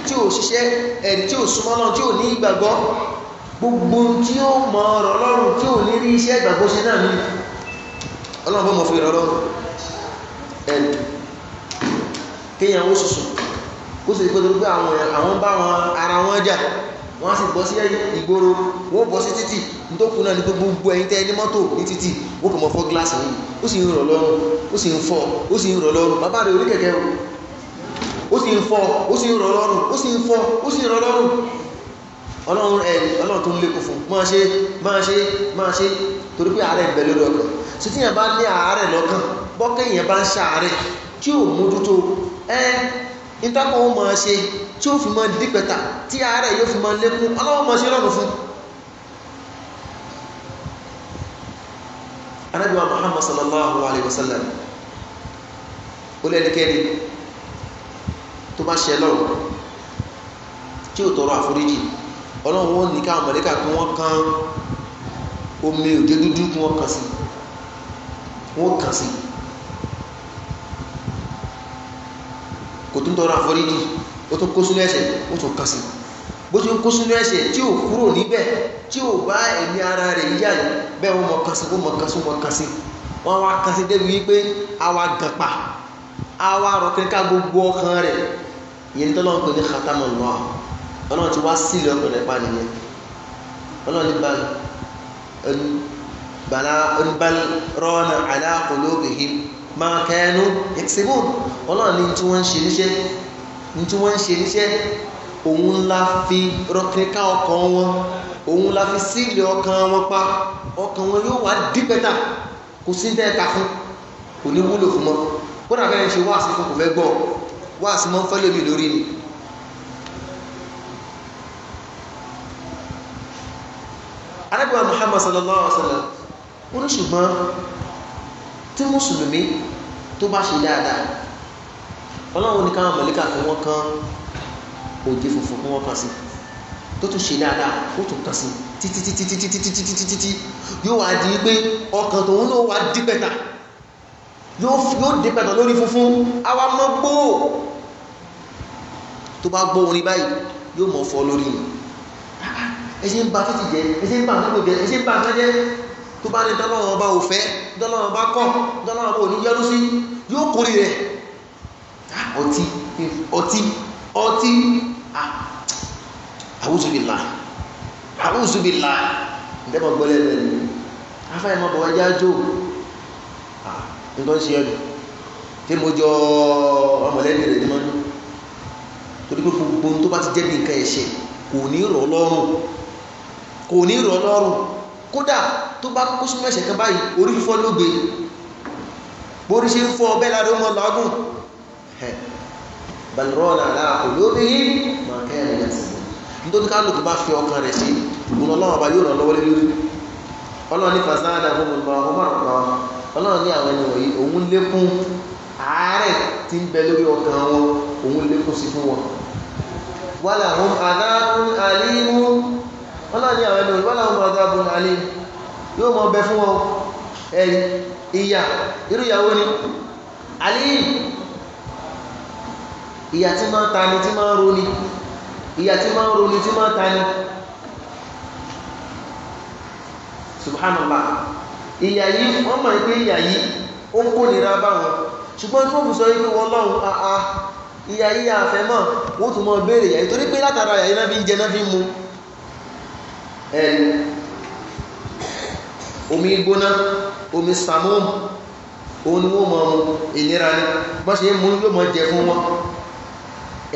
tí ò ṣiṣẹ́ ẹni tí ò súnmọ́ lọ́run tí ò ní ìgbàgbọ́ gbogbo tí ó mọ rọ lọ́rùn tí ò ní rí iṣẹ́ ìgbàgbọ́ ṣe náà ni ọlọ́run bó mọ fi rọ lọ́rùn ẹni kéèyàn ó sùsùn kó sì pé torí pé àwọn bá wọn ara wọn jà wọ́n á sì bọ́ sí ìgboro wọ́n bọ́ sí títì nítòkù náà ní pé gbogbo ẹ̀yin tẹ́ ní mọ́tò ní títì wọ́n kò mọ̀ fọ́ gíláàsì yìí ó sì ń rọ̀ lọ́rùn ó sì ń fọ́ ó sì ń rọ̀ lọ́rùn bàbá rẹ̀ orí kẹ̀kẹ́ ó sì ń fọ́ ó sì ń rọ̀ lọ́rùn ó sì ń fọ́ ó sì ń rọ̀ lọ́rùn ọlọ́run ẹ̀ ọlọ́run tó ń lékò fún máa ṣe máa ṣe máa ṣe torí pé àárẹ̀ ìbẹ̀ lórí ọkàn sí bá ní àárẹ̀ lọ́kàn bọ́kẹ́yìn bá ń ṣàárẹ̀ tí ò mójútó ẹ́ ìtọ́kọ̀ wọn máa ṣe tí ó fi máa dípẹ̀ta tí ààrẹ yóò fi máa lékún ọlọ́wọ́ máa ṣe lọ́nà fún anábíwá Muhammad sallallahu alayhi wa sallam ó lẹ́nikẹ́ni tó bá ṣe lọ́rùn tí ó tọrọ àforíjì ọlọ́run wọn ní káwọn mọ̀lẹ́kà kí wọ́n kan omi òjò dúdú kí wọ́n kàn sí wọ́n kàn sí i kò tún tọrọ àforíjì ó tún kó sínú ẹ̀ṣẹ̀ ó tún kàn sí bó ti ń kó sínú ẹ̀ṣẹ̀ tí ò kúrò níbẹ̀ tí ò bá ẹ̀mí ara rẹ̀ yíyá yìí bẹ́ẹ̀ wọ́n mọ kàn sí wọ́n mọ kàn sí wọ́n kàn sí wọ́n wá kàn sí débi wípé àwa gàn pa àwa rọ̀kìn ká gbogbo ọkàn rẹ̀ yẹn tó lọ́n pè ní khatamọ̀ lọ́wọ́ ọlọ́run ti wá sílẹ̀ ọkàn rẹ̀ pa nìyẹn ọlọ́run ní balẹ̀ bala máa kẹnu ìṣègùn ọlọ́run ní tí wọ́n ń ṣe níṣẹ́ ní tí wọ́n ń ṣe níṣẹ́ òun la fi rọkìnká ọkàn wọn òun la fi sílì ọkàn wọn pa ọkàn wọn yóò wá dípẹ́tà kò sí bẹ́ẹ̀ ká fún kò ní wúlò fún wọn kódà bẹ́ẹ̀ ń ṣe wáàsí fún kò fẹ́ gbọ́ wáàsí mọ́ fẹ́ lèmi lórí ni. arábìnrin muhammad sallallahu alaihi wa sallam ó ní ṣùgbọ́n tí mùsùlùmí tó bá ṣe dáadáa ọlọ́run ní káwọn mọ̀lẹ́kà fún wọn kan òjì funfun fún wọn kan sí tó tún ṣe dáadáa ó tún kan sí títítítítítítítítítítí yóò wá di pé ọkàn tòun náà wá dí pẹ̀tà yóò dí pẹ̀tà lórí funfun àwa mọ́ gbóò tó bá gbọ́ orin báyìí yóò mọ̀ fọ́ lórí yìí ẹ ṣe ń ba títì jẹ ẹ ṣe ń ba àkókò jẹ ẹ ṣe ń ba àkókò jẹ tó bá ní dọ́lọ́wọ́ ọba ò fẹ́ dọ́lọ́wọ́ ọba kọ́ dọ́lọ́wọ́ ọba ò ní yọrú sí yóò kórè rẹ̀ ọtí ọtí ọtí àwùsùbìlà àwùsùbìlà ǹdẹ́mọ̀ gbọ́lẹ̀ rẹ̀ ni afẹ́yẹ̀ mọ́ bọ̀wọ́ ẹjá jò nǹkan ṣe ẹ̀dùn tí mo jọ ọmọlẹ́bí rẹ̀ ní mọ́nú torí pé gbogbo tó bá ti jẹ́ bí nǹkan ẹ̀ṣẹ̀ kò ní rọ̀ lọ́rùn kò ní rọ̀ lọ́rùn kódà tó bá kó sínú ẹ̀ṣẹ̀ kan báyìí orí fífọ́ ló gbé borí ṣe ń fọ́ ọbẹ̀ lára ó mọ lọ́gùn balrọ́ọ̀nà aláàkó lóbìnrin máa kẹ́rin ẹ̀yà tìbọn nítorí kálukú bá fi ọkàn rẹ̀ sí ìgbóná ọlọ́run ọba yóò ràn lọ́wọ́ lórí ọlọ́run ní fasada gbogbo ọmọ ọmọ ọlọ́run ní àwọn ẹni wọ̀nyí òun lékún àárẹ̀ tí ń bẹ lórí ọkàn wọn òun lékún sí fún wọn wàlà hum adáhùn ọlọ́ni àwọn ẹni òyìnbó láwọn ọmọdé abúlé alẹ́ yóò mọ bẹ fún wọn ẹ̀rí ìyà irú ìyàwó ni alẹ́ ìyà tí máa ń tani tí máa ń roni ìyà tí máa ń roni tí máa ń tani subhanallah ìyà yìí wọ́n mọ̀ pé ìyà yìí ó ń kó nira wọn ṣùgbọ́n tí wọ́n bù sọ wípé wọ́n ìyà yìí àfẹ́mọ̀ wọ́n tún mọ́ ìyà yìí torí pé látara ìyà yìí náà fi ń jẹ náà mu ẹnu omi gbóná omi samuum òun ni wọ́n mọ̀ ìnira ni wọ́n ṣe mú yóò mọ̀ jẹ fún wọn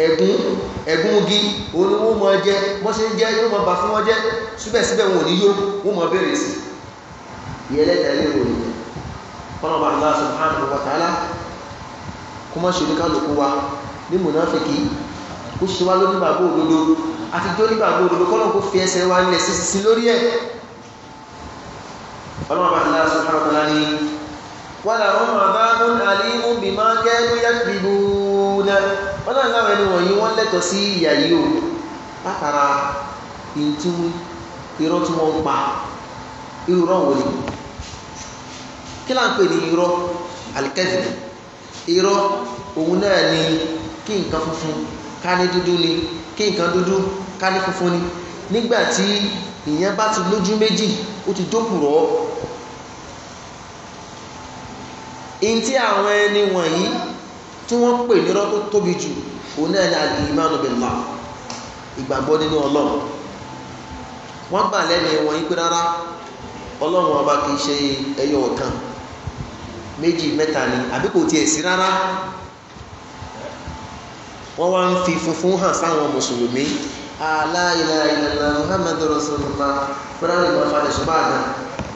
ẹ̀gún ẹ̀gún igi òun ni wọ́n mọ̀ jẹ wọ́n ṣe ń jẹ yóò mọ̀ bà fún wọn jẹ síbẹ̀síbẹ̀ wọn ò ní yó wọ́n mọ̀ bẹ̀rẹ̀ sí ìyẹlẹ́ta ilé ìròyìn yẹn wọn bá Allah subhanahu wa ta'ala kó má ṣe oníkálukú wa ní mùnáfíkì ó ṣe wá lónìí bàbá òdodo àti tó nígbàgbọ́ òdòdó kọ́nà kó fi ẹsẹ̀ wa nílẹ̀ sí sí lórí ẹ̀ ọlọ́run bá ńlá sọ fún ọlá ní wọ́n làwọn máa bá mú àlímú bí máa kẹ́ ló yẹ bíbú ná wọ́n náà láwọn ẹni wọ̀nyí wọ́n lẹ́tọ̀ọ́ sí ìyà yìí o látara ìtú irọ́ tí wọ́n kí nǹkan dúdú ká ní funfun ni nígbà tí ìyẹn bá ti lójú méjì ó ti dókùrọ̀ ntí àwọn ẹni wọ̀nyí tí wọ́n pè nírọ́ tó tóbi jù òun náà ní al-imanu billah ìgbàgbọ́ nínú ọlọ́run wọ́n gbà lẹ́nu wọn yí pé rárá ọlọ́run ọba kì í ṣe ẹyọ ọ̀kan méjì mẹ́ta ni àbí kò tiẹ̀ sí rárá wọ́n wá ń fi funfun hàn sáwọn mùsùlùmí la ilaha illallah muhammadu rasulullah fúnrárì máa falẹ̀ ṣùgbọ́n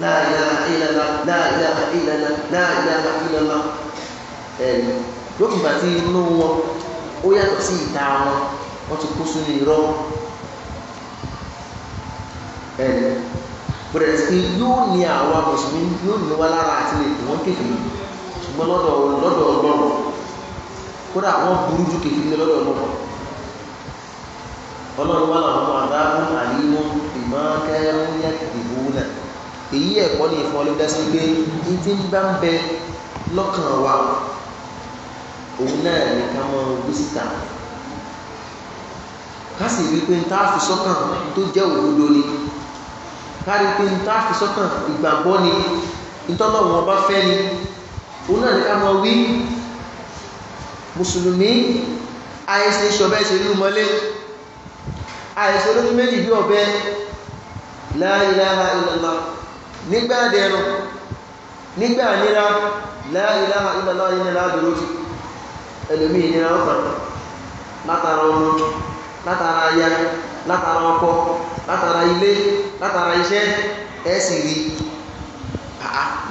àná la ilaha illallah la ilaha illallah la ilaha illallah ẹ̀ẹ́n lókè ìgbà tí inú wọn ó yàtọ̀ sí ìta wọn wọ́n ti kó sínú irọ́ ẹ̀ẹ́n bẹ̀rẹ̀ yóò ní àwa mùsùlùmí yóò ní wa lára àti lè wọ́n kékeré ṣùgbọ́n lọ́dọ̀ lọ́dọ̀ ọlọ́run kódà wọn burú ju kèké ní lọ́dọ̀ ọmọ ọlọ́run wà láwọn ọmọ àdáhùn àlímú ìmọ̀ọ́kẹ́rún yẹ ìbò náà èyí ẹ̀kọ́ ní ìfọ́ ló dásí pé ní tí ń bá ń bẹ lọ́kàn wa òun náà ní ká mọ ogun síta ká sì rí pé tá a fi sọ́kàn tó jẹ́ òdodo ni ká rí pé tá a fi sọ́kàn ìgbàgbọ́ ni ìtọ́lọ́wọ́n bá fẹ́ ni òun náà ní ká mọ wí mùsùlùmí àìsí ṣọ̀bẹ ṣe rí mọ́lé àìsí olójú méjì bí ọ̀bẹ la ilaha illallah nígbà dẹ̀rùn nígbà nira la ilaha illallah yìí nira àbúrójì ẹlòmí ìnira ọkàn látara ọmọ látara aya látara ọkọ látara ilé látara iṣẹ́ ẹ̀sìn rí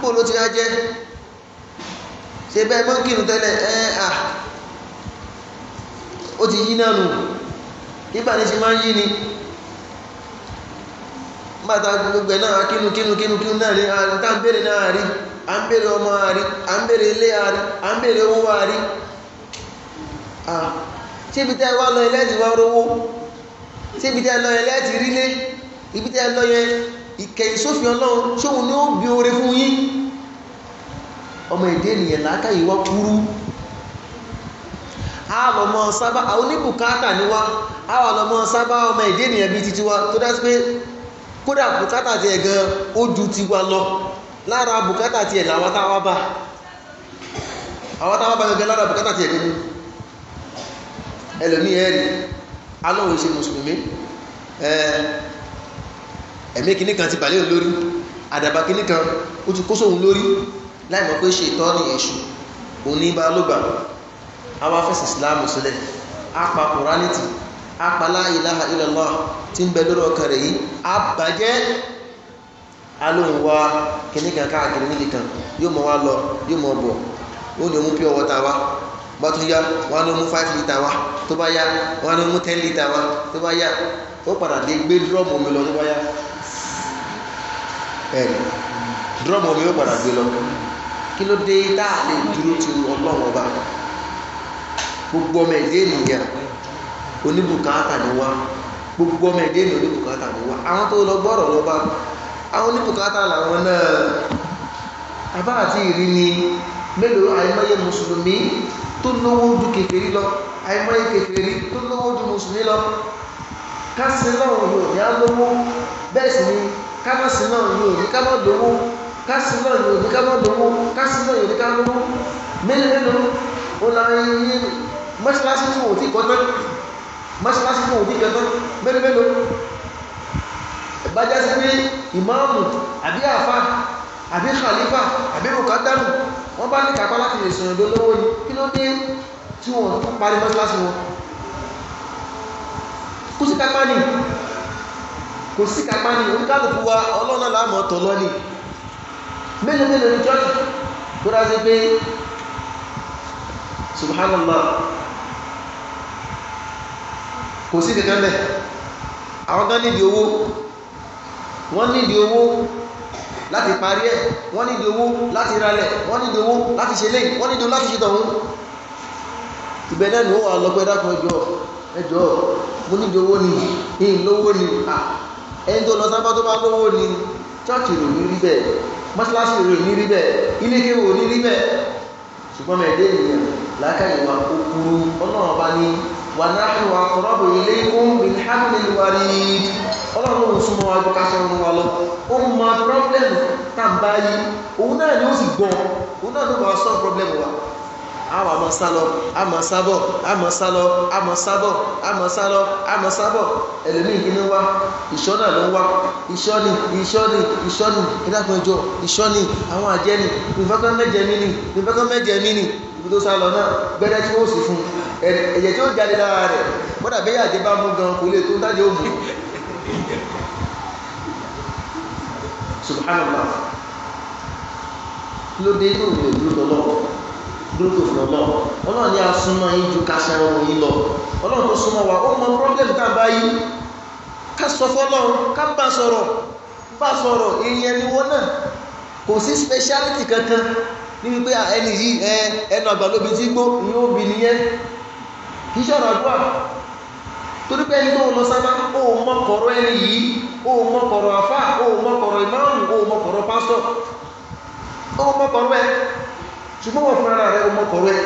bó ti á ṣe bẹ́ẹ̀ mọ́kìrù tẹ́lẹ̀ ẹ́ à ó ti yí náà nù nígbà ní ṣe máa ń yí ni bàtà gbogbo náà kínú kínú kínú kínú náà ní àtà ń bèèrè náà rí à ń bèèrè ọmọ àrí à ń bèèrè ilé àrí à ń owó àrí síbi tẹ́ wá lọ ilé rówó síbi tẹ́ lọ ilé ibi tẹ́ lọ yẹn ìkẹyìn sófin ọlọ́run ni ó bí fún yín ọmọ A àlọ́mọ sábà àwọn oníbùkátà ni wá àwọn àlọ́mọ sábà ọmọ ìdí ènìyàn bíi titi wa tó dájú pé kódà bùkátà tiẹ̀ gan ó ju tiwa lọ lára bùkátà tiẹ̀ làwọn táwa bá àwọn táwa bá gangan lára bùkátà tiẹ̀ nínú ẹlòmíì ẹ̀rí alóhùn ṣe mùsùlùmí ẹ̀mí kìíní kan ti bàlẹ́ òun lórí àdàbà kìíní kan ó ti kó sóhun lórí láì mọ̀ pé ṣètọ́ ni èṣù òní bá ló gbà àwa fẹsẹ̀ ìsìláàmù sílẹ̀ apá kùránìtì apá la ilaha illallah tí ń bẹ lórí ọkàn rẹ̀ yìí àbàjẹ́ alóhùn wa kìnnìkan káàkiri nìkan yóò mọ wa lọ yóò mọ bọ̀ ó ní omu pure water wa bọ́tún yá wọn ní omu five litre wa tó bá yá wọn ní omu ten litre wa tó bá yá ó padà dé gbé dúrọ́ọ̀mù omi lọ tó bá yá ẹ̀rì omi ó padà gbé lọ kí ló dé tá lè dúró ti ọlọ́run ọba gbogbo ọmọ ẹ̀dá ènìyàn oníbùkátà ni wá gbogbo ọmọ ẹ̀dá ènìyàn oníbùkátà ni wá àwọn tó lọ gbọ́rọ̀ lọ bá àwọn oníbùkátà làwọn náà abá àti ìrí ni mélòó àìmọye mùsùlùmí tó lówó ju kékeré lọ àìmọye kékeré tó lówó ju mùsùlùmí lọ kásì náà yóò ní alówó bẹ́ẹ̀ sì ni kámọ́sì náà yóò ní kámọ́ lówó kásì náà yóò ní kámọ́ lówó kásì náà yóò ní kámọ́ lówó mélòó mélòó ó láyé mọ́ṣáláṣí tí wọ́n ti kọ́ tán mọ́ṣáláṣí tí wọ́n ti kọ́ tán mélòó mélòó ìbájá sí pé ìmáàmù àbí àfa àbí khalifa àbí mùkádàmù wọ́n bá ní kápá láti lè sọ̀rọ̀ dó lọ́wọ́ ni kí ló dé tí wọ́n tún parí mọ́ṣáláṣí wọn kú sí kápá ni kò sí kápá ni oníkálùkù wa ọlọ́nà láàmú ọ̀tọ̀ lọ́ni mélòó mélòó ni jọ́ọ̀jì tó dáa subhanallah kò sí kankan bẹ́ẹ̀ àwọn kan nídìí owó wọ́n nídìí owó láti parí ẹ̀ wọ́n nídìí owó láti ralẹ̀ wọ́n nídìí owó láti ṣe lẹ́yìn wọ́n nídìí owó láti ṣe tọ̀hún ibẹ̀ náà ni ó wà lọ́gbẹ́ dákun ẹjọ́ ẹjọ́ mo nídìí owó ni ìyìn lówó ni ẹni tó lọ sábà tó bá lówó ni chọ́ọ̀chì rò ní rí bẹ́ẹ̀ mọ́ṣáláṣí rò ní rí bẹ́ẹ̀ ilé kéwò ní rí bẹ́ẹ̀ ṣùgbọ́n mẹ́ẹ̀ẹ́dẹ́ ènìyàn lákàyè wa kó kúrú ọlọ́run bá ní wà náà wà kọ̀rọ̀bù ilé oúnjẹ hamlin wari ọlọ́run ò súnmọ́ wájú káṣọrun wa lọ ó mọ problem tàbá yìí òun náà ni ó sì gbọ́n òun náà ló bá sọ problem wa àwọn àmọ́ sálọ àmọ́ sábọ̀ àmọ́ sálọ àmọ́ sábọ̀ àmọ́ sálọ àmọ́ sábọ̀ ẹlòmíì kí ni wá ìṣọ́ náà ló ń wá ìṣọ́ ni ìṣọ́ ni ìṣọ́ ni ìdákanjọ ìṣọ́ ni àwọn àjẹ́ ni ìfẹ́kọ́ mẹ́jẹ mí ni ìfẹ́kọ́ mẹ́jẹ mí ni ibi sálọ náà gbẹ́dẹ́ tí wọ́n sì fún un ẹ̀jẹ̀ tí ó jáde lára rẹ̀ kódà bẹ́ẹ̀ àjẹ́ bá mú gan kò lè tó dájẹ́ òmù subhanallah ló dé tó lè dúró lọ́wọ́ dúró tó lọ́wọ́ ọlọ́run ní asúnmọ́ yín ju kásán ọ̀run yín lọ ọlọ́run tó súnmọ́ wa ó mọ problem tá a bá yí ká sọ fọlọ́run ká bá sọ̀rọ̀ bá sọ̀rọ̀ èèyàn ni wọ́n náà kò sí speciality kankan ní wípé ẹni yìí ẹnu àgbàlóbi tí gbó ni ó bì nìyẹn kì í ṣọ̀rọ̀ àdúrà torí pé ẹni tó lọ sábà ó mọ́kọ̀rọ̀ ẹni yìí ó mọ́kọ̀rọ̀ àfà ó mọ́kọ̀rọ̀ ìmáàmù ó mọ́kọ̀rọ̀ pásítọ̀ ó mọ́kọ̀rọ̀ ẹ ṣùgbọ́n wọ́n fúnra rẹ̀ ó mọ́kọ̀rọ̀ ẹ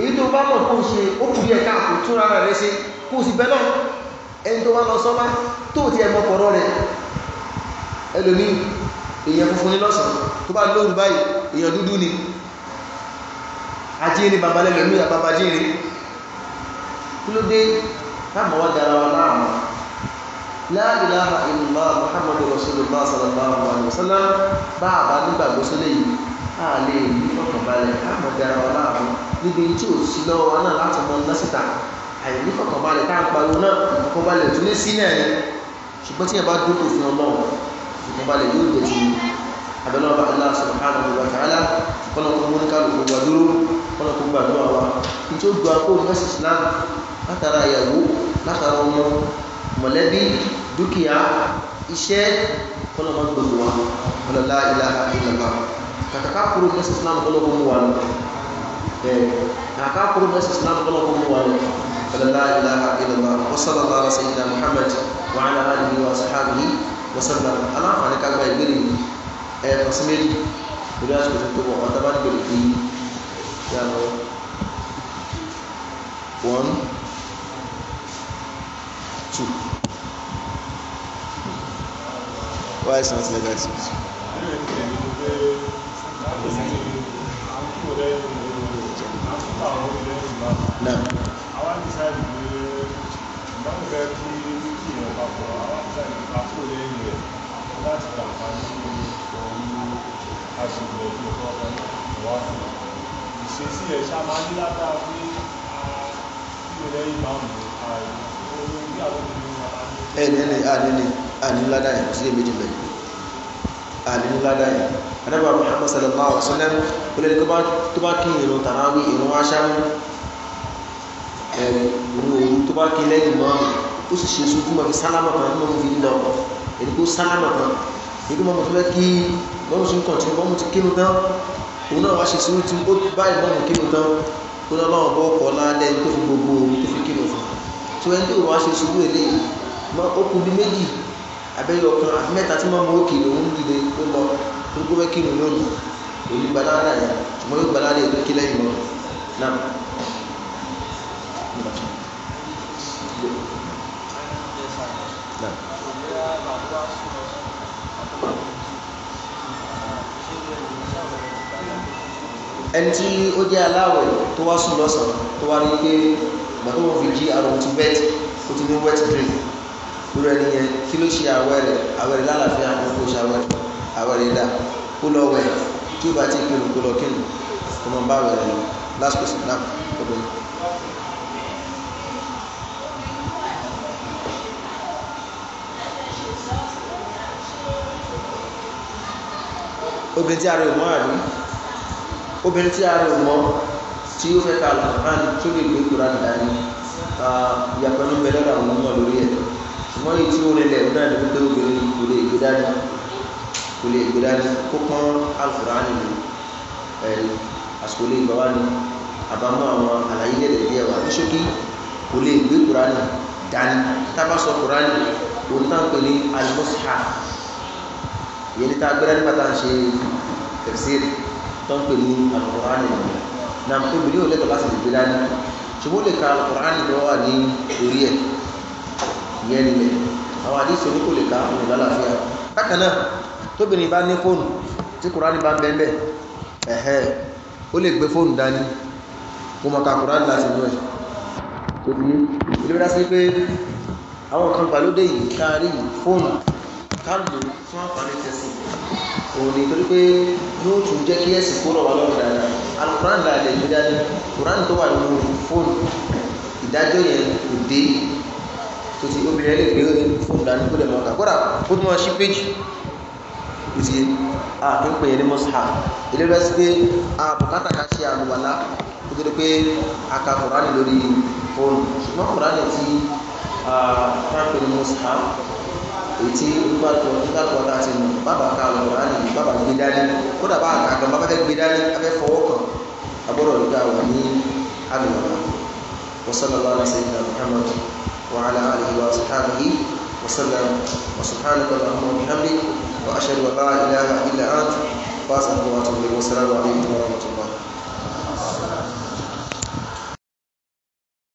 èyí tó bá mọ̀ kó o ṣe ó kù díẹ̀ káàkó túnra rẹ̀ ṣe kó o sì bẹ́ náà ẹni tó bá lọ sọ́mà tó ti ẹ̀ mọ́kọ̀rọ̀ rẹ̀ ẹlòmíì èèyàn funfun ní lọ́sàn-án tó bá lóhùn báyìí èèyàn dúdú ni ajínigbé babalẹ́lẹ́mí àbábájínigbé kí ló dé táwọn wá dára wa láàmú la ilaha illallah muhammadu rasulullah sallallahu alayhi wa sallam bá a bá nígbàgbọ́ sílẹ̀ yìí a lè ní ọkànbalẹ̀ káàmọ̀ dára wa láàmú níbi tí ò sí lọ́wọ́ wa náà láti mọ lásìkò àìní ọkànbalẹ̀ ká ń pariwo náà ìfọkànbalẹ̀ tún lé sí náà ni ṣùgbọ́n tí yẹn bá dúró òfin ọlọ́run ìfọkànbalẹ̀ yóò jẹ́ ti abẹ́lẹ́ ọba Allah subhanahu wa ta'ala kọ́nà kó mú ní kálukú dúró kọ́nà kó gbàdúrà wa ní tí ó gbọ́ akó mẹ́sì Islam látara ìyàwó látara ọmọ mọ̀lẹ́bí dúkìá iṣẹ́ kọ́lọ́mọ́ gbogbo wa ọlọ́lá ìlàhà ìlàlá kàkàkà kúrò mẹ́sì islam kọ́lọ́kọ́ mú wa lọ ẹ̀ kàkàkà kúrò mẹ́sì islam kọ́lọ́kọ́ mú wa lọ ọlọ́lá ìlàhà ìlàlá wasalama alasayidina muhammad wa ala alihi wa sahabihi wasalama aláǹfààní kagbá ìgbèrè ẹ̀ fọ́símẹ́lì orí àsìkò tó bọ̀ ọ̀tá bá ń gbèrè fún two why is not negative. na. àwọn àdìsá ìdílé báwo fẹ́ kí wíkì yẹn papọ̀ àwọn àdìsá ìdílé papọ̀ lẹ́yìn rẹ̀ láti tàǹfààní pẹ̀lú àṣìlẹ̀ ìfowópamọ́ ìwádìí ìṣesí ẹ̀ ṣá máa ní látàrí ìrẹ́lẹ̀ ìbámu ààrẹ ẹ nílé ànílé àníládà yẹn sí èmi jìnbẹ àníládà yẹn adábà Muhammad sallallahu alaihi wa sallam olórí tó bá kí ìrun tàràwí ìrun aṣáájú ẹ̀rù òru tó bá kí lẹ́yìn mọ́ ó sì ṣe sojú mọ́ fi sálámà kan mọ́ fi lọ èdè kó sálámà kan èdè mọ́ tó fẹ́ kí mọ́mú sí ń kọ̀tún mọ́mú ti kírun tán òun náà wá ṣe sí ó ti báyìí mọ́mú tó ẹni tó wá ṣe sùúrù eléyìí mọ okùn bíi méjì abẹ́yẹ ọkàn àti mẹ́ta tí mọ́ mọ́ òkè lòún dìde ó lọ tó gbọ́ bẹ́ẹ̀ kírun lónìí òní gbalára yẹn ṣùgbọ́n yóò gbalára yẹn tó kí lẹ́yìn mọ́ náà. ẹni tí ó jẹ́ aláwẹ̀ tó wá sùn lọ́sàn-án tó wá rí pé ìgbà tó wọ́n fi jí ara òun ti wet ó ti ní wet brain lórí ẹni yẹn kí ló ṣe àwẹ̀ rẹ̀ àwẹ̀ rẹ̀ lálàáfíà àwọn kò ṣe àwẹ̀ rẹ̀ àwẹ̀ rẹ̀ dá kó lọ wẹ̀ kí bá ti pinnu kó lọ kínu kó mọ bá àwẹ̀ rẹ̀ lọ last question náà obìnrin. obìnrin tí ara ò mọ́ àrí obìnrin tí ara ò mọ́ tí ó fẹ́ ka alukuran tó lè gbé kuran dání ìyàpọ̀ ní bẹ̀rẹ̀ rà wọ́n mọ̀ lórí ẹ̀ ṣùgbọ́n èyí tí ó lè lẹ̀ ọ̀dọ́ àdúgbò tó obìnrin kò lè gbé dání kò lè gbé dání kó pọ́n alukuran lò ẹ̀ àsìkò lè gbà wá ní àbámọ́ àwọn àlàyé lẹ́lẹ̀ díẹ̀ wá ní ṣókí kò lè gbé kuran dání tábà sọ kuran òun náà pè ní alimusaha yẹn ní tá a gbéra nípa tá à ṣe tẹ̀síìrì tó pè ní alukuran náà obìnrin ò lẹ́tọ̀ọ́ láti lè gbé dání ṣùgbọ́n ó lè ka alukur'ani tó wà ní orí ẹ̀ ìyẹn nílẹ̀ àwọn àdìsí oní kò lè ka àwọn ìlú àlàáfíà bákan náà tóbìnrin bá ní fóònù tí kur'ani bá ń bẹ́ẹ̀ bẹ́ẹ̀ ẹ̀hẹ́ ó lè gbé fóònù dání kó mọ̀ ká kur'ani láti inú ẹ̀ tóbi ilé bí dásí pé àwọn kan gbàlódé yìí káàrí fóònù káàlù fún àǹfààní tẹ̀sí òun ni torí pé yóò tún jẹ́ kí ẹ̀sìn kó rọ̀ wá lọ́rùn dáadáa alukuran la lè gbéra ní kuran tó wà nínú fóònù ìdájọ́ yẹn kò dé tòtí obìnrin lè gbé fóònù dání kó lè mọ ọkà kódà ó tún mọ sí péjì tòtí a kì í pè é ní mọ́sáà ilé rẹ̀ sí pé a bùkátà ká ṣe àlùwàlá kó tó di pé a ka kuran lórí fóònù ṣùgbọ́n kuran ti a ní mọ́sáà ètí nígbà tó nígbà tó ọ̀tá ti mú bàbá ká lọ rà nìyí bàbá gbé dání kódà bá àgbà kan bàbá fẹ́ gbé dání abẹ́ fọwọ́ kan agbọ́dọ̀ nígbà wà ní àlùmọ̀nà wasallallahu alaihi wa sallam muhammad wa ala alihi wa sahbihi wa sallam wa subhanaka allahumma wa bihamdik wa ashhadu an la ilaha illa ant wa astaghfiruka wa wa